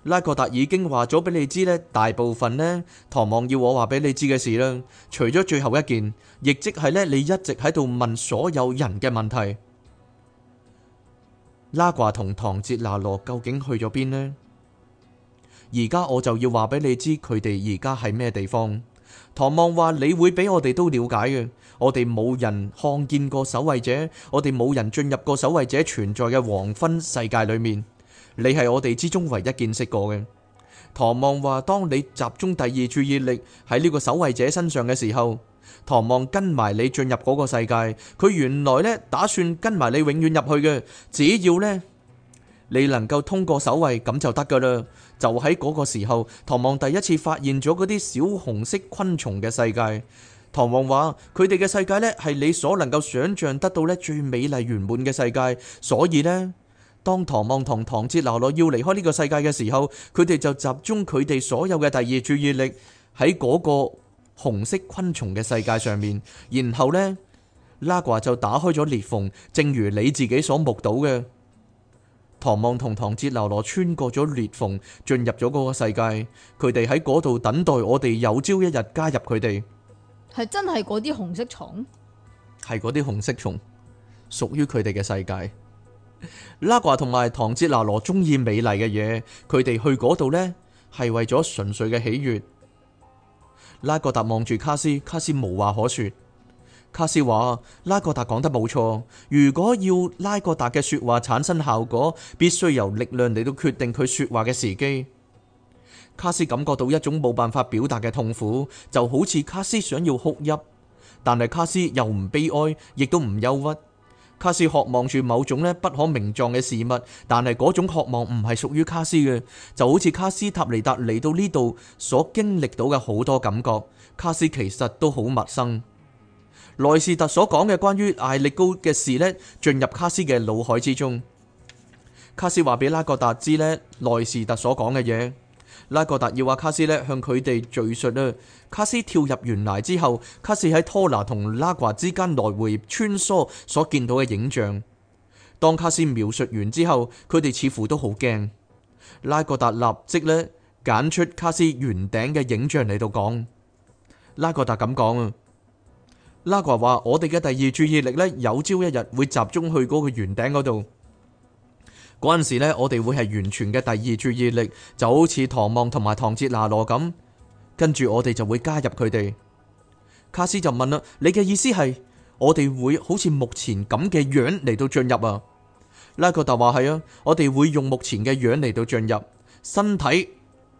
拉哥達已經話咗俾你知呢，大部分呢，唐望要我話俾你知嘅事啦，除咗最後一件，亦即係呢，你一直喺度問所有人嘅問題，拉瓜同唐哲拿羅究竟去咗邊呢？而家我就要話俾你知佢哋而家喺咩地方。唐望話你會比我哋都了解嘅，我哋冇人看見過守衛者，我哋冇人進入過守衛者存在嘅黃昏世界裏面。你係我哋之中唯一見識過嘅。唐望話：當你集中第二注意力喺呢個守衛者身上嘅時候，唐望跟埋你進入嗰個世界。佢原來呢，打算跟埋你永遠入去嘅。只要呢，你能夠通過守衛，咁就得噶啦。就喺嗰個時候，唐望第一次發現咗嗰啲小紅色昆蟲嘅世界。唐望話：佢哋嘅世界呢，係你所能夠想象得到呢，最美麗圓滿嘅世界。所以呢，當唐望同唐哲流羅要離開呢個世界嘅時候，佢哋就集中佢哋所有嘅第二注意力喺嗰個紅色昆蟲嘅世界上面，然後呢，拉瓜就打開咗裂縫，正如你自己所目睹嘅，唐望同唐哲流羅穿過咗裂縫，進入咗嗰個世界，佢哋喺嗰度等待我哋有朝一日加入佢哋。係真係嗰啲紅色蟲？係嗰啲紅色蟲，屬於佢哋嘅世界。拉格達同埋唐哲娜羅中意美麗嘅嘢，佢哋去嗰度呢，係為咗純粹嘅喜悅。拉格達望住卡斯，卡斯無話可說。卡斯話：拉格達講得冇錯，如果要拉格達嘅說話產生效果，必須由力量嚟到決定佢說話嘅時機。卡斯感覺到一種冇辦法表達嘅痛苦，就好似卡斯想要哭泣，但係卡斯又唔悲哀，亦都唔憂鬱。卡斯渴望住某種呢，不可名狀嘅事物，但係嗰種渴望唔係屬於卡斯嘅，就好似卡斯塔尼達嚟到呢度所經歷到嘅好多感覺，卡斯其實都好陌生。萊士特所講嘅關於艾力高嘅事呢，進入卡斯嘅腦海之中。卡斯話俾拉各達知呢，萊士特所講嘅嘢。拉格達要阿卡斯咧向佢哋敘述咧，卡斯跳入懸崖之後，卡斯喺拖拿同拉瓜之間來回穿梭所見到嘅影像。當卡斯描述完之後，佢哋似乎都好驚。拉格達立即咧揀出卡斯圓頂嘅影像嚟到講。拉格達咁講啊，拉瓜話我哋嘅第二注意力咧有朝一日會集中去嗰個圓頂嗰度。嗰陣時咧，我哋會係完全嘅第二注意力，就好似唐望同埋唐哲拿羅咁。跟住我哋就會加入佢哋。卡斯就問啦：你嘅意思係我哋會好似目前咁嘅樣嚟到進入啊？拉克就話係啊，我哋會用目前嘅樣嚟到進入，身體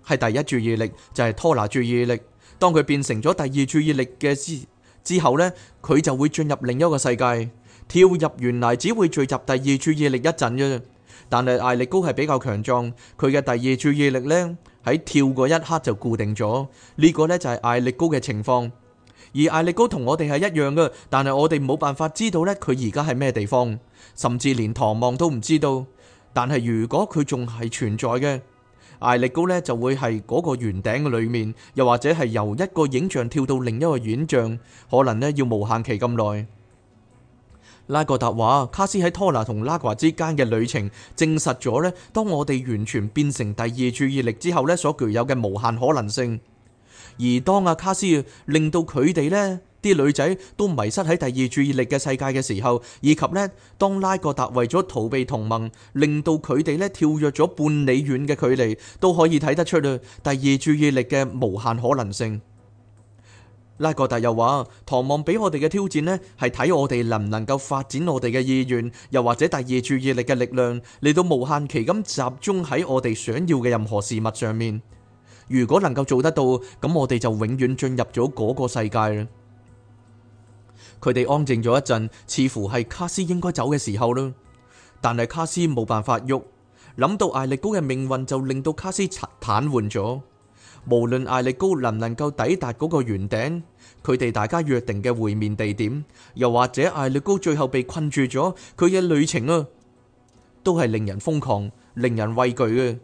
係第一注意力，就係、是、拖拿注意力。當佢變成咗第二注意力嘅之之後咧，佢就會進入另一個世界，跳入原嚟只會聚集第二注意力一陣嘅。但係艾力高係比較強壯，佢嘅第二注意力呢，喺跳嗰一刻就固定咗，呢、呢個呢就係艾力高嘅情況。而艾力高同我哋係一樣嘅，但係我哋冇辦法知道呢佢而家係咩地方，甚至連唐望都唔知道。但係如果佢仲係存在嘅，艾力高呢就會係嗰個圓頂裏面，又或者係由一個影像跳到另一個影像，可能呢要無限期咁耐。拉格達話：卡斯喺拖拿、同拉華之間嘅旅程，證實咗咧，當我哋完全變成第二注意力之後咧，所具有嘅無限可能性。而當阿卡斯令到佢哋呢啲女仔都迷失喺第二注意力嘅世界嘅時候，以及咧，當拉格達為咗逃避同盟，令到佢哋呢跳躍咗半里遠嘅距離，都可以睇得出第二注意力嘅無限可能性。拉國特又話，唐望俾我哋嘅挑戰咧，係睇我哋能唔能夠發展我哋嘅意願，又或者第二注意力嘅力量嚟到無限期咁集中喺我哋想要嘅任何事物上面。如果能夠做得到，咁我哋就永遠進入咗嗰個世界啦。佢哋安靜咗一陣，似乎係卡斯應該走嘅時候啦。但係卡斯冇辦法喐，諗到艾力高嘅命運就令到卡斯慘癱瘓咗。無論艾力高能唔能夠抵達嗰個圓頂，佢哋大家約定嘅會面地點，又或者艾力高最後被困住咗，佢嘅旅程啊，都係令人瘋狂、令人畏懼嘅。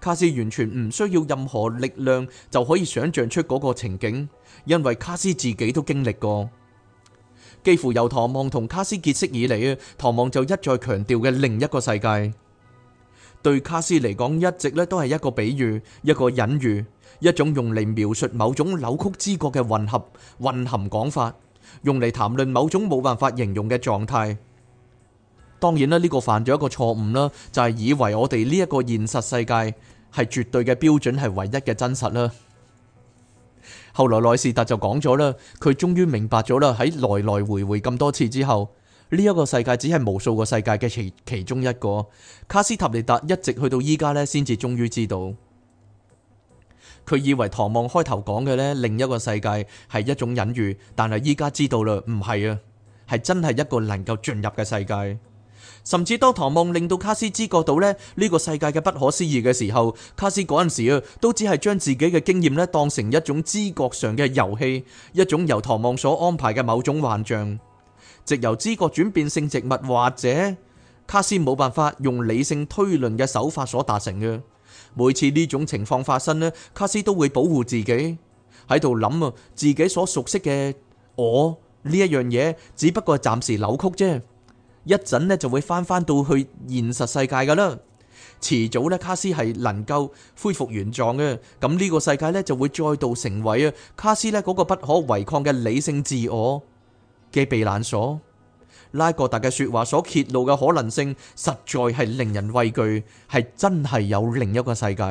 卡斯完全唔需要任何力量就可以想象出嗰個情景，因為卡斯自己都經歷過。幾乎由唐望同卡斯結識以嚟啊，唐望就一再強調嘅另一個世界，對卡斯嚟講一直呢都係一個比喻、一個隱喻。一種用嚟描述某種扭曲知覺嘅混合、混合講法，用嚟談論某種冇辦法形容嘅狀態。當然啦，呢、這個犯咗一個錯誤啦，就係、是、以為我哋呢一個現實世界係絕對嘅標準，係唯一嘅真實啦。後來內斯特就講咗啦，佢終於明白咗啦，喺來來回回咁多次之後，呢、這、一個世界只係無數個世界嘅其、其中一個。卡斯塔尼達一直去到依家呢，先至終於知道。佢以為唐望開頭講嘅呢另一個世界係一種隱喻，但係依家知道啦，唔係啊，係真係一個能夠進入嘅世界。甚至當唐望令到卡斯知覺到咧呢個世界嘅不可思議嘅時候，卡斯嗰陣時啊，都只係將自己嘅經驗咧當成一種知覺上嘅遊戲，一種由唐望所安排嘅某種幻象，藉由知覺轉變性植物，或者卡斯冇辦法用理性推論嘅手法所達成嘅。每次呢種情況發生呢，卡斯都會保護自己，喺度諗啊，自己所熟悉嘅我呢一樣嘢，只不過暫時扭曲啫，一陣呢就會翻翻到去現實世界噶啦。遲早呢，卡斯係能夠恢復原狀嘅，咁呢個世界呢，就會再度成為啊卡斯呢嗰個不可違抗嘅理性自我嘅避難所。拉各特嘅說話所揭露嘅可能性，實在係令人畏懼，係真係有另一個世界，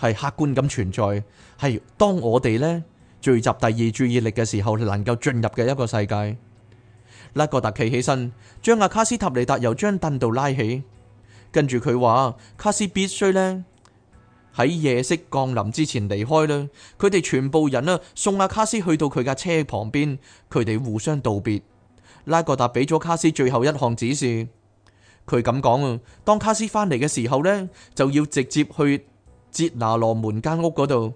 係客觀咁存在，係當我哋呢聚集第二注意力嘅時候，能夠進入嘅一個世界。拉各特企起身，將阿卡斯塔尼達由張凳度拉起，跟住佢話：卡斯必須呢，喺夜色降臨之前離開啦。佢哋全部人啦，送阿卡斯去到佢架車旁邊，佢哋互相道別。拉各達俾咗卡斯最後一項指示，佢咁講啊：當卡斯翻嚟嘅時候呢，就要直接去捷拿羅門間屋嗰度。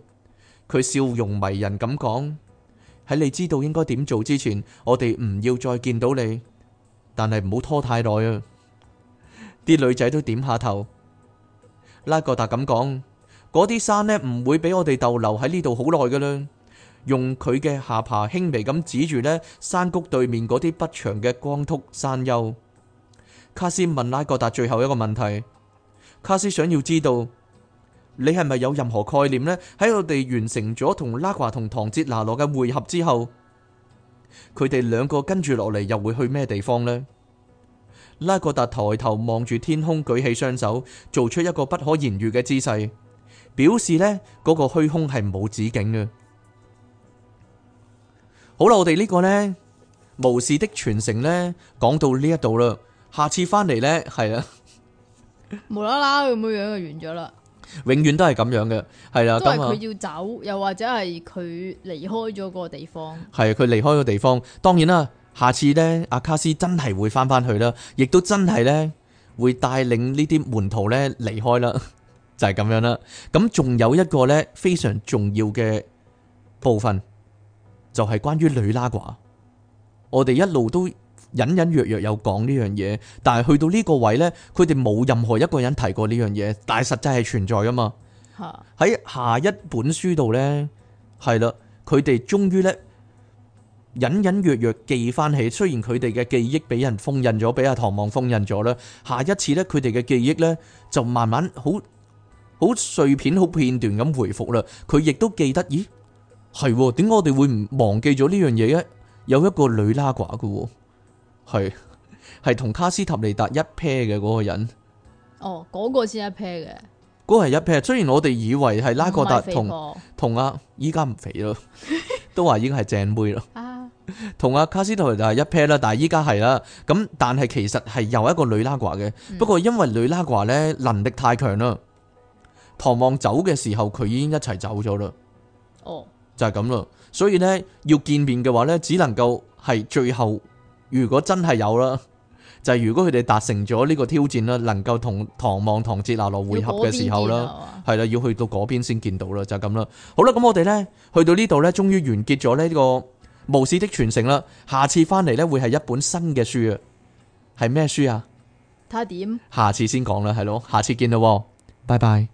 佢笑容迷人咁講：喺你知道應該點做之前，我哋唔要再見到你，但係唔好拖太耐啊！啲女仔都點下頭。拉各達咁講：嗰啲山呢，唔會俾我哋逗留喺呢度好耐㗎啦。用佢嘅下巴輕微咁指住呢山谷對面嗰啲不長嘅光禿山丘。卡斯問拉各達最後一個問題：「卡斯想要知道你係咪有任何概念呢？喺我哋完成咗同拉華同唐哲拿羅嘅會合之後，佢哋兩個跟住落嚟又會去咩地方呢？」拉各達抬頭望住天空，舉起雙手，做出一個不可言喻嘅姿勢，表示呢嗰、那個虛空係冇止境嘅。好啦，我哋呢個咧巫士的傳承咧講到呢一度啦，下次翻嚟，咧係啦，無啦啦咁樣就完咗啦，永遠都係咁樣嘅，係啦，都係佢要走，又或者係佢離開咗個地方，係佢離開個地方。當然啦，下次咧阿卡斯真係會翻翻去啦，亦都真係咧會帶領呢啲門徒咧離開啦，就係咁樣啦。咁仲有一個咧非常重要嘅部分。就係關於女拉啩，我哋一路都隱隱約約有講呢樣嘢，但係去到呢個位呢，佢哋冇任何一個人提過呢樣嘢，但係實際係存在噶嘛。喺下一本書度呢，係啦，佢哋終於呢隱隱約約記翻起，雖然佢哋嘅記憶俾人封印咗，俾阿唐望封印咗啦。下一次呢，佢哋嘅記憶呢，就慢慢好好碎片，好片段咁回復啦。佢亦都記得咦？係點解我哋會唔忘記咗呢樣嘢？一有一個女拉寡嘅、哦，係係同卡斯塔尼達一 pair 嘅嗰個人。哦，嗰、嗰個先一 pair 嘅。嗰係一 pair，雖然我哋以為係拉哥達同同阿依家，唔肥咯，啊、肥 都話已經係正妹咯。同阿 卡斯塔尼達就係一 pair 啦，但係依家係啦。咁但係其實係又一個女拉寡嘅，不過因為女拉寡咧能力太強啦，嗯、唐望走嘅時候佢已經一齊走咗啦。哦。就係咁啦，所以呢，要見面嘅話呢，只能夠係最後，如果真係有啦， 就係如果佢哋達成咗呢個挑戰啦，能夠同唐望、唐哲、娜羅會合嘅時候啦，係啦，要去到嗰邊先見到啦，就係咁啦。好啦，咁我哋呢，去到呢度呢，終於完結咗呢、這個巫士的傳承啦。下次翻嚟呢，會係一本新嘅書啊，係咩書啊？睇下點，下次先講啦，係咯，下次見啦，拜拜。